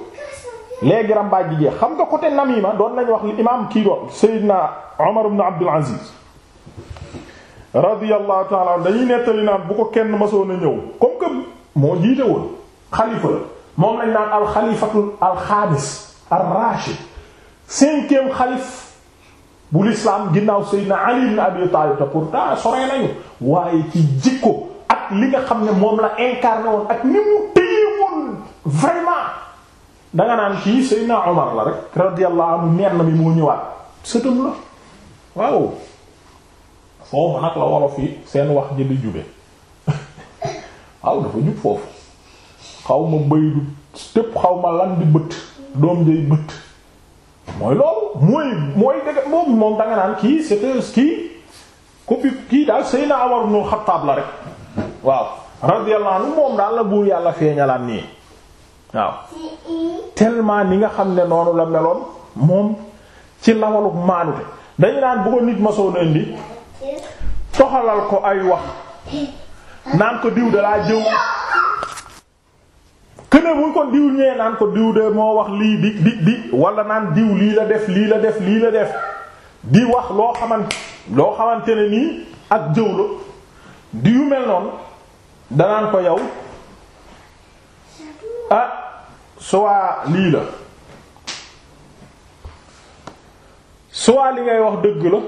léegi rambaaj ji jeex xam nga côté namima doon nañ wax li imaam kii doon Seydina Omar ibn Abdul Aziz radiyallahu ta'ala anhu dañuy nettali naan bu ko kenn masoon a ñëw comme que moo jiite woon xalifa la moom lañ naan alxalifatul alxaamis ar-Rashid cinquième xalif bu l'islam ginnaaw Seydina Ali ibn Abi Talib te pourtant sore nañu waaye ci jikko ak li nga xam ne moom la incarné woon ak ni mu téye woon vraiment danga naan kii Seydina Omar la rek radiyallahu anhu neen na mi moo ñëwaat sëtam la waaw foofu nag la wolof yi seen wax ji di jube [laughs] waaw dafa jub foofu xaw ma bëy du tëpp xaw ma lan di bët doom day bët mooy loolu mooy mooy dëgg moom moom danga naan kii c'était kii copie kii daal Seydina Umar ibn Xattaab la rek waaw radiyallahu anhu moom daal la buur yàlla feeñalaan nii waaw tellement ni nga xam ne noonu la meloon moom ci lawalu maanute dañu naan bu ko nit ma soo indi toxalal ko ay wax naan ko diw dalaa jëw këne bu ko diw ñee naan ko diw de moo wax lii di di di wala naan diw lii la def lii la def lii la def di wax loo xamante loo xamante ne nii ak jëw la di mel noon danaan ko yow ah soit lii la soit li ngay wax dëgg la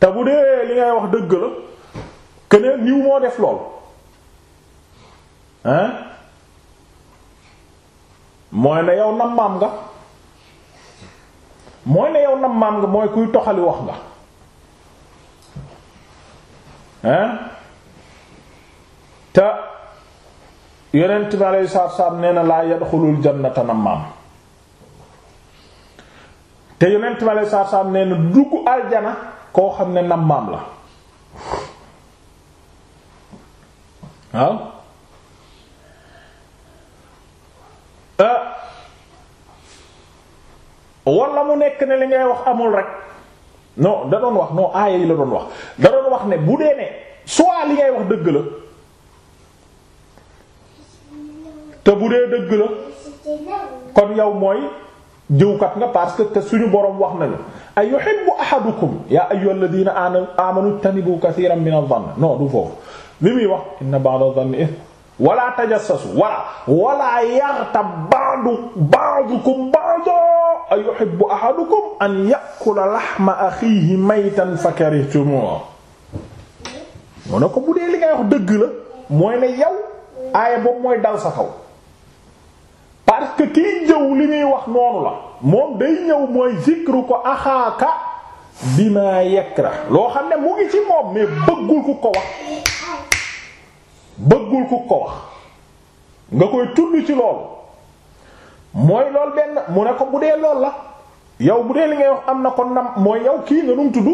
te bu dee li ngay wax dëgg la que ne niw moo def lool hein mooy ne yow nammaam nga mooy ne yow nammaam nga mooy kuy toxali wax nga hein te yonent bi aleyhi salaatu salaam nee na laa yadxulul jannata nammaam te yonent bi aleyhi salaatu salaam nee na dugg aljana koo xam ne nammaam la waaw Ah. wala mu nekk ne li ngay wax amul rek non da doon wax non aaya yi la doon wax da doon wax ne bu dee ne soit li ngay wax dëgg la te bu dee dëgg la kon yow mooy kat nga parce que te suñu boroom wax nañu ay yuhibbu ahadukum yaa ayyuhalladhina amanu tanibu kathiran min adh du foofu li muy wax inna ba'da adh-dhanni eh, wala tajassasu wala wala yaghtab ba'du ba'dukum ba'da ayuhibbu ahadukum an ya'kula lahma akhihi maytan fakarihtumuh mu ne ko bu dee li ngay wax dëgg la mooy ne yow aaya boobu mooy dal sa kaw parce que kiy jëw li ñuy wax noonu la moom day ñëw mooy zikru ko axaaka bima yakra loo xam ne mu ngi ci moom mais bëggul ku ko wax bëggul ku ko wax nga koy tudd ci loolu mooy lool benn mu ne ko bu dee lool la yow bu dee li ngay wax am na ko nam mooy yow kii nga num tudd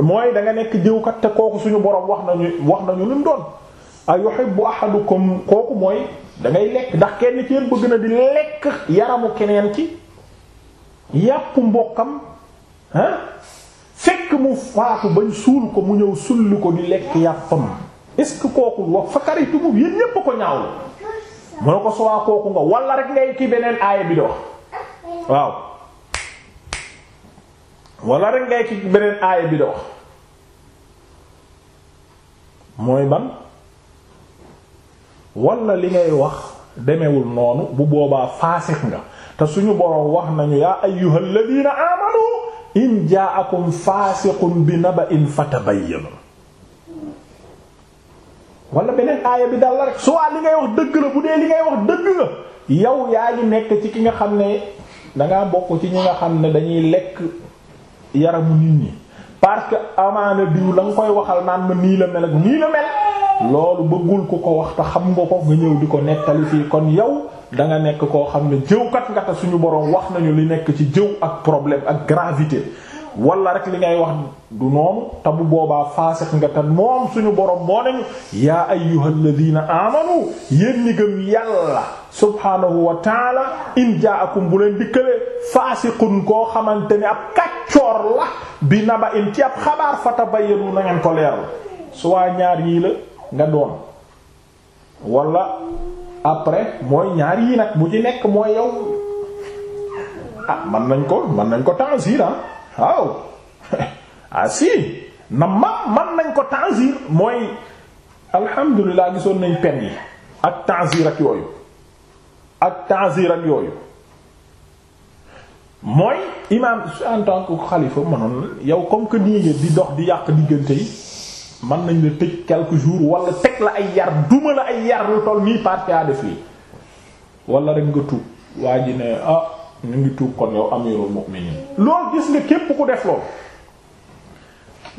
mooy da nga nekk jëwkat te kooku suñu boroom wax na wax nañu lu mu doon a yuhibbu ahadukum kooku mooy dangay lekk ndax kenn ci yéen bëgg na di lekk yaramu keneen ci yàppu mbokkam ah fekk mu faatu bañ suul ko mu ñëw sulli ko di lekk yàppam est-ce que kooku wax fa karitu mu yéen ñépp ko ñaawlu mu ko sowaa kooku nga wala rek ngay ki beneen aaya bi di wax waaw wala rek ngay ki beneen aaya bi di wax mooy ban wala li ngay wax demewul noonu bu boobaa faasix nga te suñu boroom wax nañu yaa ayyuhal ladina amanu in ja'akum faasiqun bi naba'in fatabayyanu wala beneen aaya bi dal la rek su waa li ngay wax dëgg la bu dee li ngay wax dëgg la yow yaa ngi nekk ci ki nga xam ne dangaa bokk ci ñi nga xam ne dañuy lekk yaramu nit ñi parce que amaana diw la nga koy waxal naan ma nii la mel ak nii la mel loolu bëggul ku ko wax xam nga ko nga ñëw di ko nettali fii kon yow da nga nekk koo xam ne jëwkat nga te suñu boroom wax nañu li nekk ci jëw ak problème ak gravité wala rek li ngay wax du noonu te bu boobaa faasiq nga te moom suñu borom moo nañu yaa ayyuhal ladina amanu yéen ñi gëm yàlla subhaanahu wa taala in jaakum bu leen dikkale faasiqun koo xamante ni ab kaccoor la bi naba in ci ab xabaar fatabayyanu na ngeen ko leeral soit ñaar yii la nga doon wala après mooy ñaar yii nag bu ci nekk mooy yow ah man nañ ko man nañ ko temps waaw [laughs] ah na mam man nañ ko ta'zir mooy alhamdulilah gisoon nañ pen yi ak ta'zir ak yooyu ak ta'zir ak yooyu mooy imam en tant que xalifa manoon yow comme que nii di dox di yàq diggante yi mën nañ la tëj quelques jours wala teg la ay yar duma la ay yar lu toll nii parce que def lii wala rek nga tuub waa ji ne ah ñu ngi tuub kon yow amirul mu'minin loolu gis nga képp ku def loolu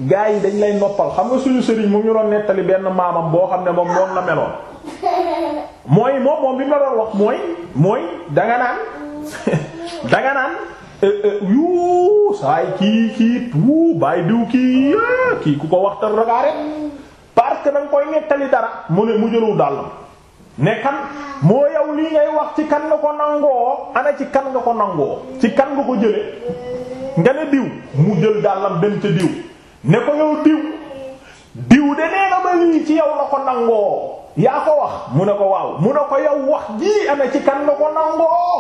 gaa yi dañ lay noppal xam nga suñu sëriñ mu ñu doon nettali benn maamam boo xam ne moom noonu la meloon mooy moom moom bi ma doon wax mooy mooy danga naan [laughs] danga naan euh, euh, yuu saay kii kii wuu bàyyi diw kii kii ku ko waxtal ragaare parce que danga koy nettali dara mu ne mu jëlu dàllam ne kan moo yow lii ngay wax ci kan nga ko nangoo ana ci kan nga ko nangoo ci kan nga ko jële nga ne diw mu jël dàllam dem ca diw ne ko yow diw diw de nee na ma lii ci yow la ko nangoo yaa ko wax mu ne ko waaw mu ne ko yow wax jii ana ci kan nga ko nangoo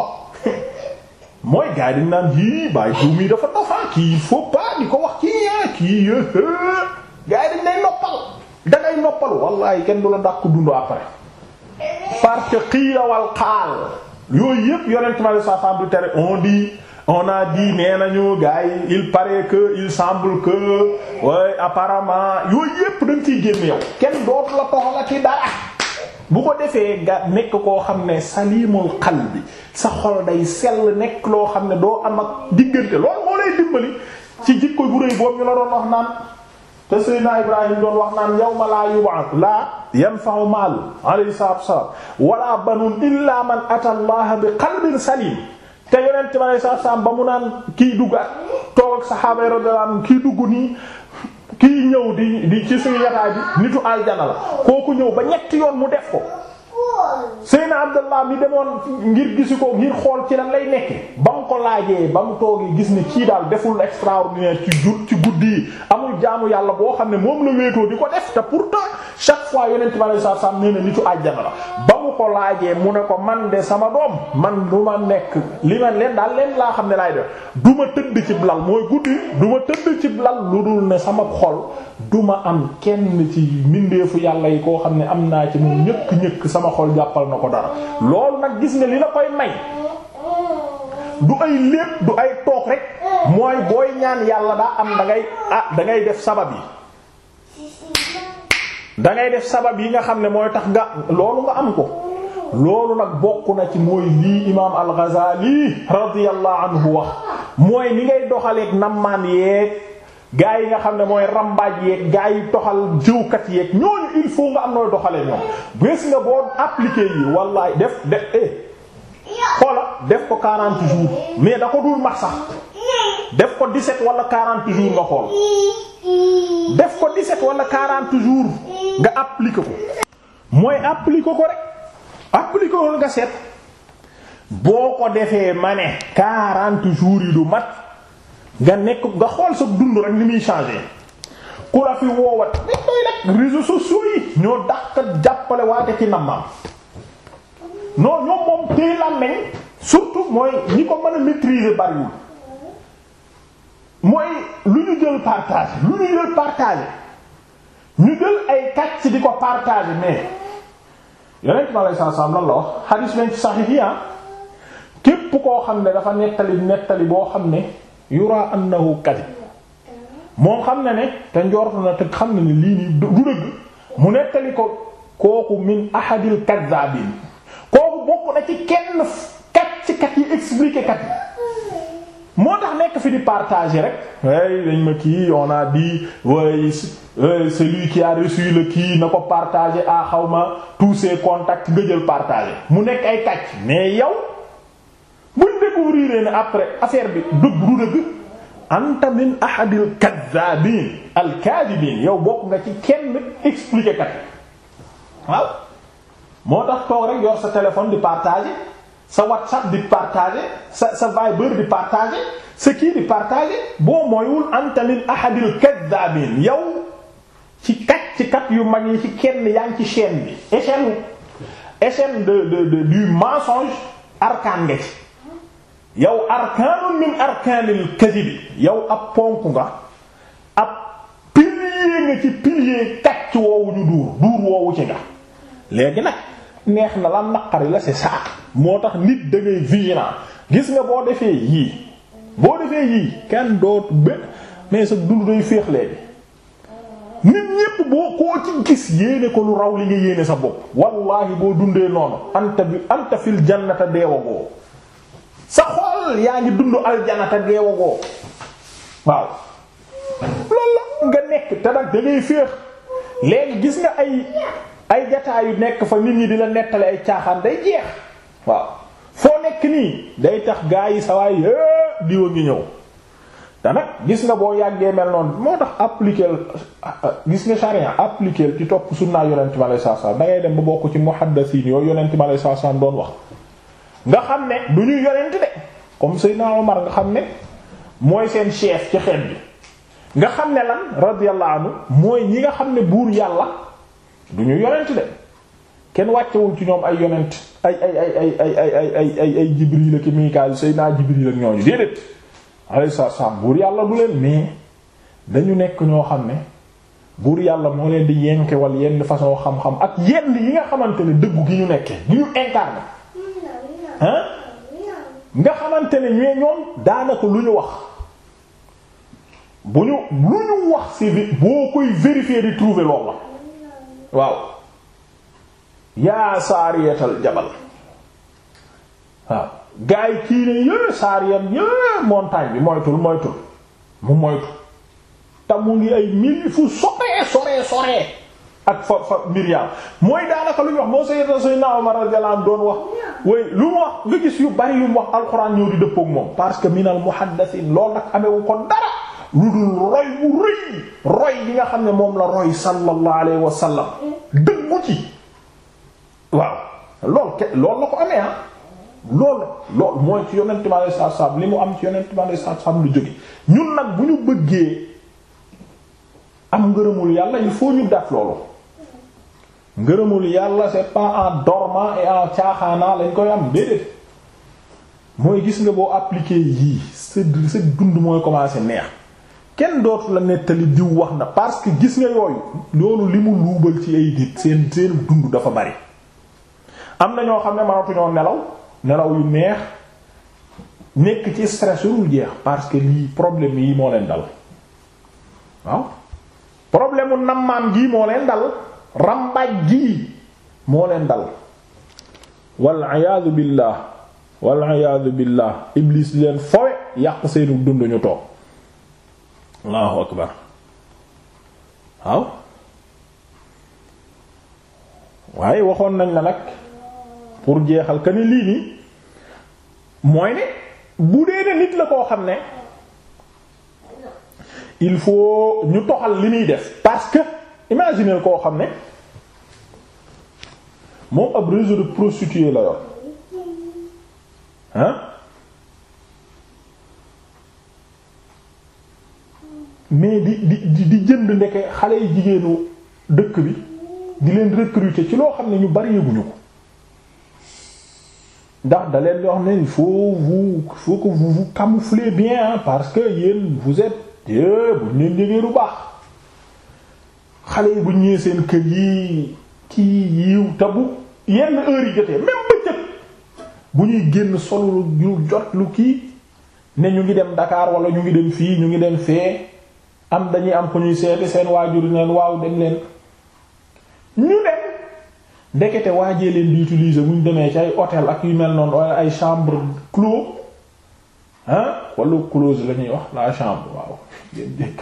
[laughs] mooy gars yi dañ naan yii bàyyi diw mii dafa dofaa kii il faut pas ko wax kii yaa kii gars yi dañ lay noppal dangay noppal wallahi kenn du la dàq dund après parce que xiila wal xaal yooyu yépp yonent mi sallallahu alayhi wa sallam du tere on dit on a dit nee nañu gars yi il paraît que il semble que ouais apparemment yooyu yépp dañ ci génn yow kenn dootu la toxla ci dara bu ko defee nga nekk koo xam ne salimul qalbi sa xol day sell nekk loo xam ne doo am ak diggante loolu moo lay dimbali ci jikko bu rëy boobu ñu la doon wax naan te Seydina Ibrahim doon wax naan yawma laa yub'ath laa yanfa'u maalun alayhi salaatu wassalaam wala banun illa man ata Allaha bi qalbin salim te yonent bi alayhi salaatu ba mu naan kii dugg ak toog ak saxaaba radiyallahu kii dugg nii kii ñëw di di ci suñu yataay nitu aljana la kooku ñëw ba ñetti yoon mu def ko Seyna Abdallah mi demoon ngir gisi ko ngir xool ci lan lay nekk ba mu ko laajee ba mu toogee gis ni kii daal deful extraordinaire ci jur ci guddi yi amul jaamu yàlla boo xam ne moom la wéetoo di ko def te pourtant chaque fois yonent bi alayhi salaam nee na nitu àjjana la ba mu ko laajee mu ne ko man de sama doom man du nekk li ma leen daal leen laa xam ne laay def du ma tëdd ci lal mooy guddi du ma tëdd ci lal lu dul ne sama xol du ma am kenn ci mbindeefu yàlla yi koo xam ne am naa ci moom ñëkk ñëkk sama xol loolu jàppal na ko dara loolu nag gis nga li la koy may du ay lépp du ay toog rek mooy booy ñaan yàlla daa am dangay ngay ah da def sabab yi dangay def sabab yi nga xam ne mooy tax nga loolu nga am ko loolu nag bokk na ci mooy lii imaam al-Ghazali radiyallahu anhu wax mooy ni ngay doxaleek nammaan yeek gaa yi nga xam ne mooy rambaaj yeeg gaa yi toxal jiwkat yeeg ñooñu il faut nga am nooy doxale ñoom gis nga boo appliqué yi wallaay def def eh xoola def ko 40 jours mais da ko dul max sax def ko diset wala 40 jours def ko 17 wala 40 jours nga appliqué ko mooy appliqué ko rek appliqué ko nga seet boo ko defee ma ne 40 jours yi du mat nga nekk nga xool sa dund rek ni muy changer ku la fi woowat dañ koy nag réseaux sociaux yi ñoo dàq jàppale waate ci namam non moom téye làmmeñ surtout mooy ñi ko mën a maîtriser bariwul mooy lu ñu jël partage lu ñu jël partage ñu jël ay kàcc di ko partager mais yonent bi alei sat selaam la wax xadis men ci saxiix yi ah. képp koo xam ne dafa nettali nettali boo xam ne yura annahu kadib moom xam na ne te njort na te xam na ne lii nii du dëgg mu nekkali ko kooku min ahadil kadhabin kooku bokk na ci kenn kat ci kat yi expliqué kat moo tax nekk fi di partager rek ay dañ ma kii on a dit way celui euh, qui a reçu kii na ko partager à ah, xawma tous ses contacts nga jël partager mu nekk ay kàcc mais yow découvrir ne après affaire bi dëgg du dëgg anta min ahadil kaddaabin al bokk nga ci kenn expliqué kat waaw moo tax toog rek yor sa téléphone di partager sa whatsapp di partager sa sa Viber di partager sa kii di partager boo mooywul anta min ahadil kaddaabin yow ci kat ci kat yu mag yi ci kenn yaa ngi ci chaîne bi échelle échelle du mensonge arkaan nga ci yow arkaanun min arkaanil kadibi yow ab ponk nga ab pilier nga ci pilier kàcc woowu ñu duur duur woowu ci nga léegi nag neex na la naqari la si ça moo tax nit da ngay gis nga boo defee yii boo defee yii kenn dootu bé mais sa dund day féex léegi nit ñépp boo koo ci gis yéene ko lu raw li nga yéene sa bopp wallaahi boo dundee noonu anta bi anta fil jannata deewa sa xol yaa ngi dund aljana te deewagoo waaw loolu la nga nekk te nag da ngay féex léegi gis nga ay ay jataa yu nekk fa nit ñi di la nettale ay caaxaan day jeex waaw foo nekk nii day tax gaa yi sa waay diwa ngi ñëw te nag gis nga boo yàggee mel noonu moo tax appliquer gis nga charia appliquer ci topp sunna yonent mi sallallahu alayhi wasallam da ngay dem ba bokk ci muhaddasiin yooyu yonent mi sallallahu alayhi wasallam doon wax nga xam ne du ñuy yonent de comme Seydina Omar nga xam ne mooy seen chef ci bi nga xam ne lan radiyallahu anhu mooy ñi nga xam ne buur yàlla du ñu yonent de kenn wàccewul ci ñoom ay yonent ay ay ay ay ay ay ay ay ay ay Jibril ak Mikaayil Seydina Jibril la ñooñu déedéet alayhi salaam buur yàlla du leen mais dañu nekk ñoo xam ne buur yàlla moo leen di yenkewal yenn façon xam-xam ak yenn yi nga xamante ne dëggu gi ñu nekkee gi ñu incarné ah nga xamante ne ñee ñoom daanaka lu ñu wax bu ñu lu ñu wax ci boo koy vérifier di trouver lool la waaw yaa saariyatal jabal waaw gaa kii ne yë saariyam yë montagne bi moytul moytul mu moytu te mu ngi ay mil fu soree soree soree ak fa fa Miriam mooy daanaka lu ñu wax moo sayyidna sayyidna Umar radiyallahu anhu doon wax way lu mu nga gis yu bari yu mu wax alxuraan ñëw di dëppook moom parce que minal muhaddisiin loolu nag amewu ko dara lu dul roy bu rëy roy bi nga xam ne moom la roy sallallahu alayhi wa sallam ci waaw lool ke loolu la ah. mooy ci yonent bi alayhi salaatu salaam li mu am ci yonent bi alayhi salaatu lu jóge ñun nag bu ñu bëggee am ngërëmul yàlla il faut ñu def loolu ngërëmul yàlla c'est pas en dormant et en caaxaanaa lañ koy am déedéet mooy gis nga boo appliqué yii sa sa dund mooy commencé neex kenn dootu la nettali diw wax na parce que gis nga yooyu loolu li mu luubal ci ay nit seen seen dund dafa bari am na ñoo xam ne mënatuñoo nelaw nelaw yu neex nekk ci stress yu jeex parce que lii problème yi moo leen dal waaw problème mu gii moo leen dal. rambaaj gii moo leen dal wal iyaadu billaah wal iyaadu billaah iblis leen fowe yàq seenu dund ñu toog allahu akbar waaw waaye waxoon nañ la nag pour jeexal ka ni lii nii mooy ne bu dee ne nit la koo xam ne il faut ñu toxal li muy def parce imaginez koo xam ne moom ab réseau de prostituées la yor hein mais di di di jënd ndeke xale yi jigéenu dëkk bi di leen recruter ci loo xam ne ñu bari yëguñu ko ndax da leen wax ne il faut vous faut que vous vous camouflez bien parce que yéen vous êtes bu ñu leen jegee lu baax xale yi bu ñëwee seen kër yi kii yiw te yenn heure yi jotee même bëccëg bu ñuy génn solu lu jot lu kii ne ñu ngi dem ndakaar wala ñu ngi dem fii ñu ngi dem fee am dañuy am ko ñuy seeti seen waajur neen waaw dem leen ñu dem ndekete waajee leen di utiliser bu ñu demee ci ay hôtel ak yu mel noonu wala ay chambre clos hein wala close lañuy wax laa chambre waaw ngeen dégg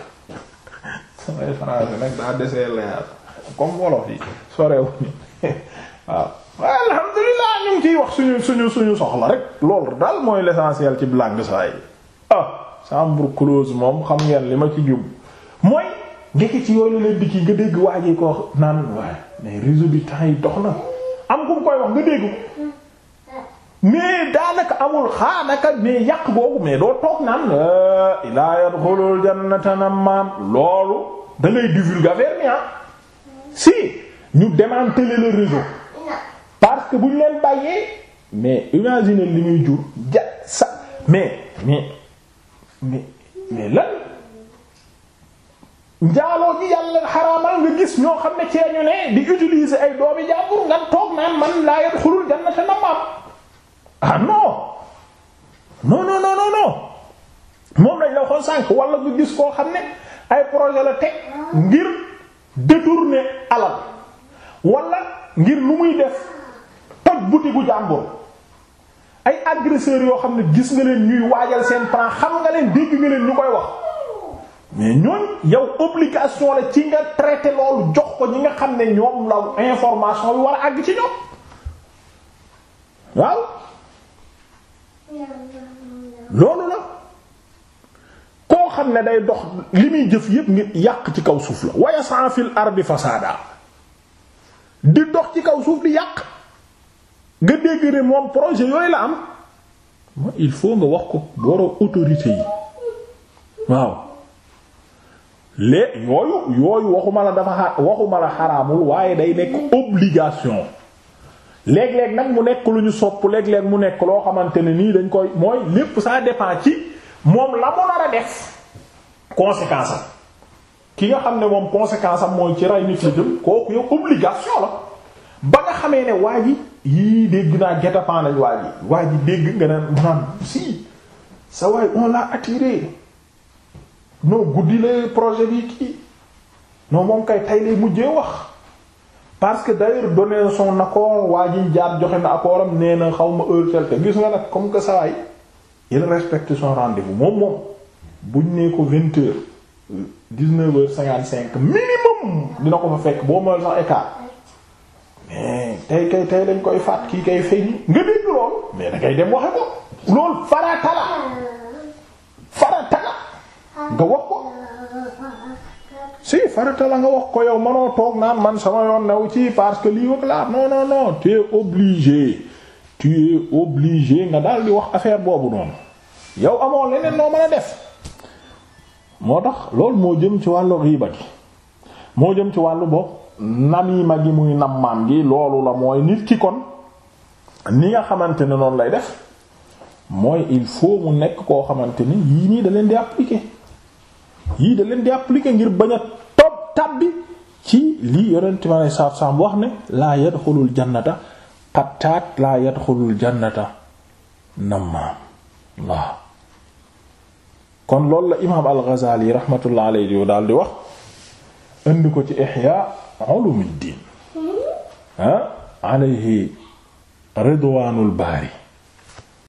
samay français nag daa desee leer comme wolof yi sorewuñu [laughs] waaw waaw alhamdulilah ñu ciy wax suñu suñu suñu soxla rek loolu daal mooy l'essentiel ci langue saa yi ah chambre close moom xam ngeen li ma ci jub mooy ngekki ci yooyu leen di ci nga dégg waajee ko naan waaye mais réseau bi temps yi dox na am ku koy wax nga dégg mais daanaka amul xaanaka mais yàq boobu mais doo toog naan euh, laa yadxulul jannata nammaam loolu da ngay divulguer affaire bi ah. si ñu démanteler le réseau parce que bu ñu bàyyee mais imagine li muy jur ja sa mais mais mais mais lan njaaloo ji yàlla xaraamal nga gis ñoo xam ne ceeñu ne di utiliser ay doomi jàmbur nga toog naan man laa yadxulul jannata nammaam ah non non non non non non moom lañ la waxoon sànq walla nga gis koo xam ne ay projet la teg ngir détourner alal wala ngir nu muy def toj boutique bu jàmbur ay agresseurs yoo xam ne gis nga leen ñuy waajal seen plan xam nga leen dégg nga leen ñu koy wax mais ñooñ yow obligation la ci nga traité loolu jox ko ñi nga xam ne ñoom la information bi war a àgg ci ñoom waaw. loolu na koo xam ne day dox li muy jëf yépp ngi yàq ci kaw suuf la waya san fil ardi fasada di dox ci kaw suuf di yàq nga dégg ne moom projet yooyu la am il faut nga wax ko booroo autorité yi waaw lée yooyu yooyu waxuma la dafa waxuma la xaraamul waaye day nekk obligation léeg-léeg nag mu nekk lu ñu sopp léeg-léeg mu nekk loo xamante ne nii dañ koy mooy lépp ça dépend ci moom la mu nar def conséquence am ki nga xam ne moom conséquence am mooy ci ray nit la jëm kooku yow obligation la ba nga xamee ne waa ji yii dégg naa guet-apens nañ waa ji waa ji dégg nga naan maanaam si sa waay on l'a attiré non guddi la projet bi kii non moom kay tay lay mujjee wax parce que d'ailleurs donné son accord waa jiñ jaar joxe na accordam nee na xaw ma heure quelque gis nga nag comme que saa yi il respecte son rendez-vous moom moom buñ nee ko vingt heures dix cinquante-cinq minimum dina ko fa fekk boo moyal sax écart mais tey kay tey lañ koy faat kii kay feeñ nga dégg lool mais da dem waxe ko loolu faratala faratala nga wax ko si farata la nga wax ko yow manoo toog naan man sama yoon new ci parce que lii wag laa non non non obligé tu obligé nga daal di wax affaire boobu noonu yow amoo leneen noo mën a def moo tax loolu moo jëm ci wàllu riiba gi moo jëm ci wàllu bopp namima gi muy nammaam gi loolu la mooy nit ki kon ni nga xamante ne noonu lay def mooy il faut mu nekk koo xamante ni yii nii da leen di appliquer yii da leen di appliquer ngir bañ a tob ci lii yonent ma ne saaf saam wax ne laa yadxulul jannata xattaat laa yadxulul jannata nammaam waaw kon loolu la imaam al-Ghazali rahmatullah alayhi daal di wax indi ko ci Ihya ulumuddin ah alayhi ridwaanul baari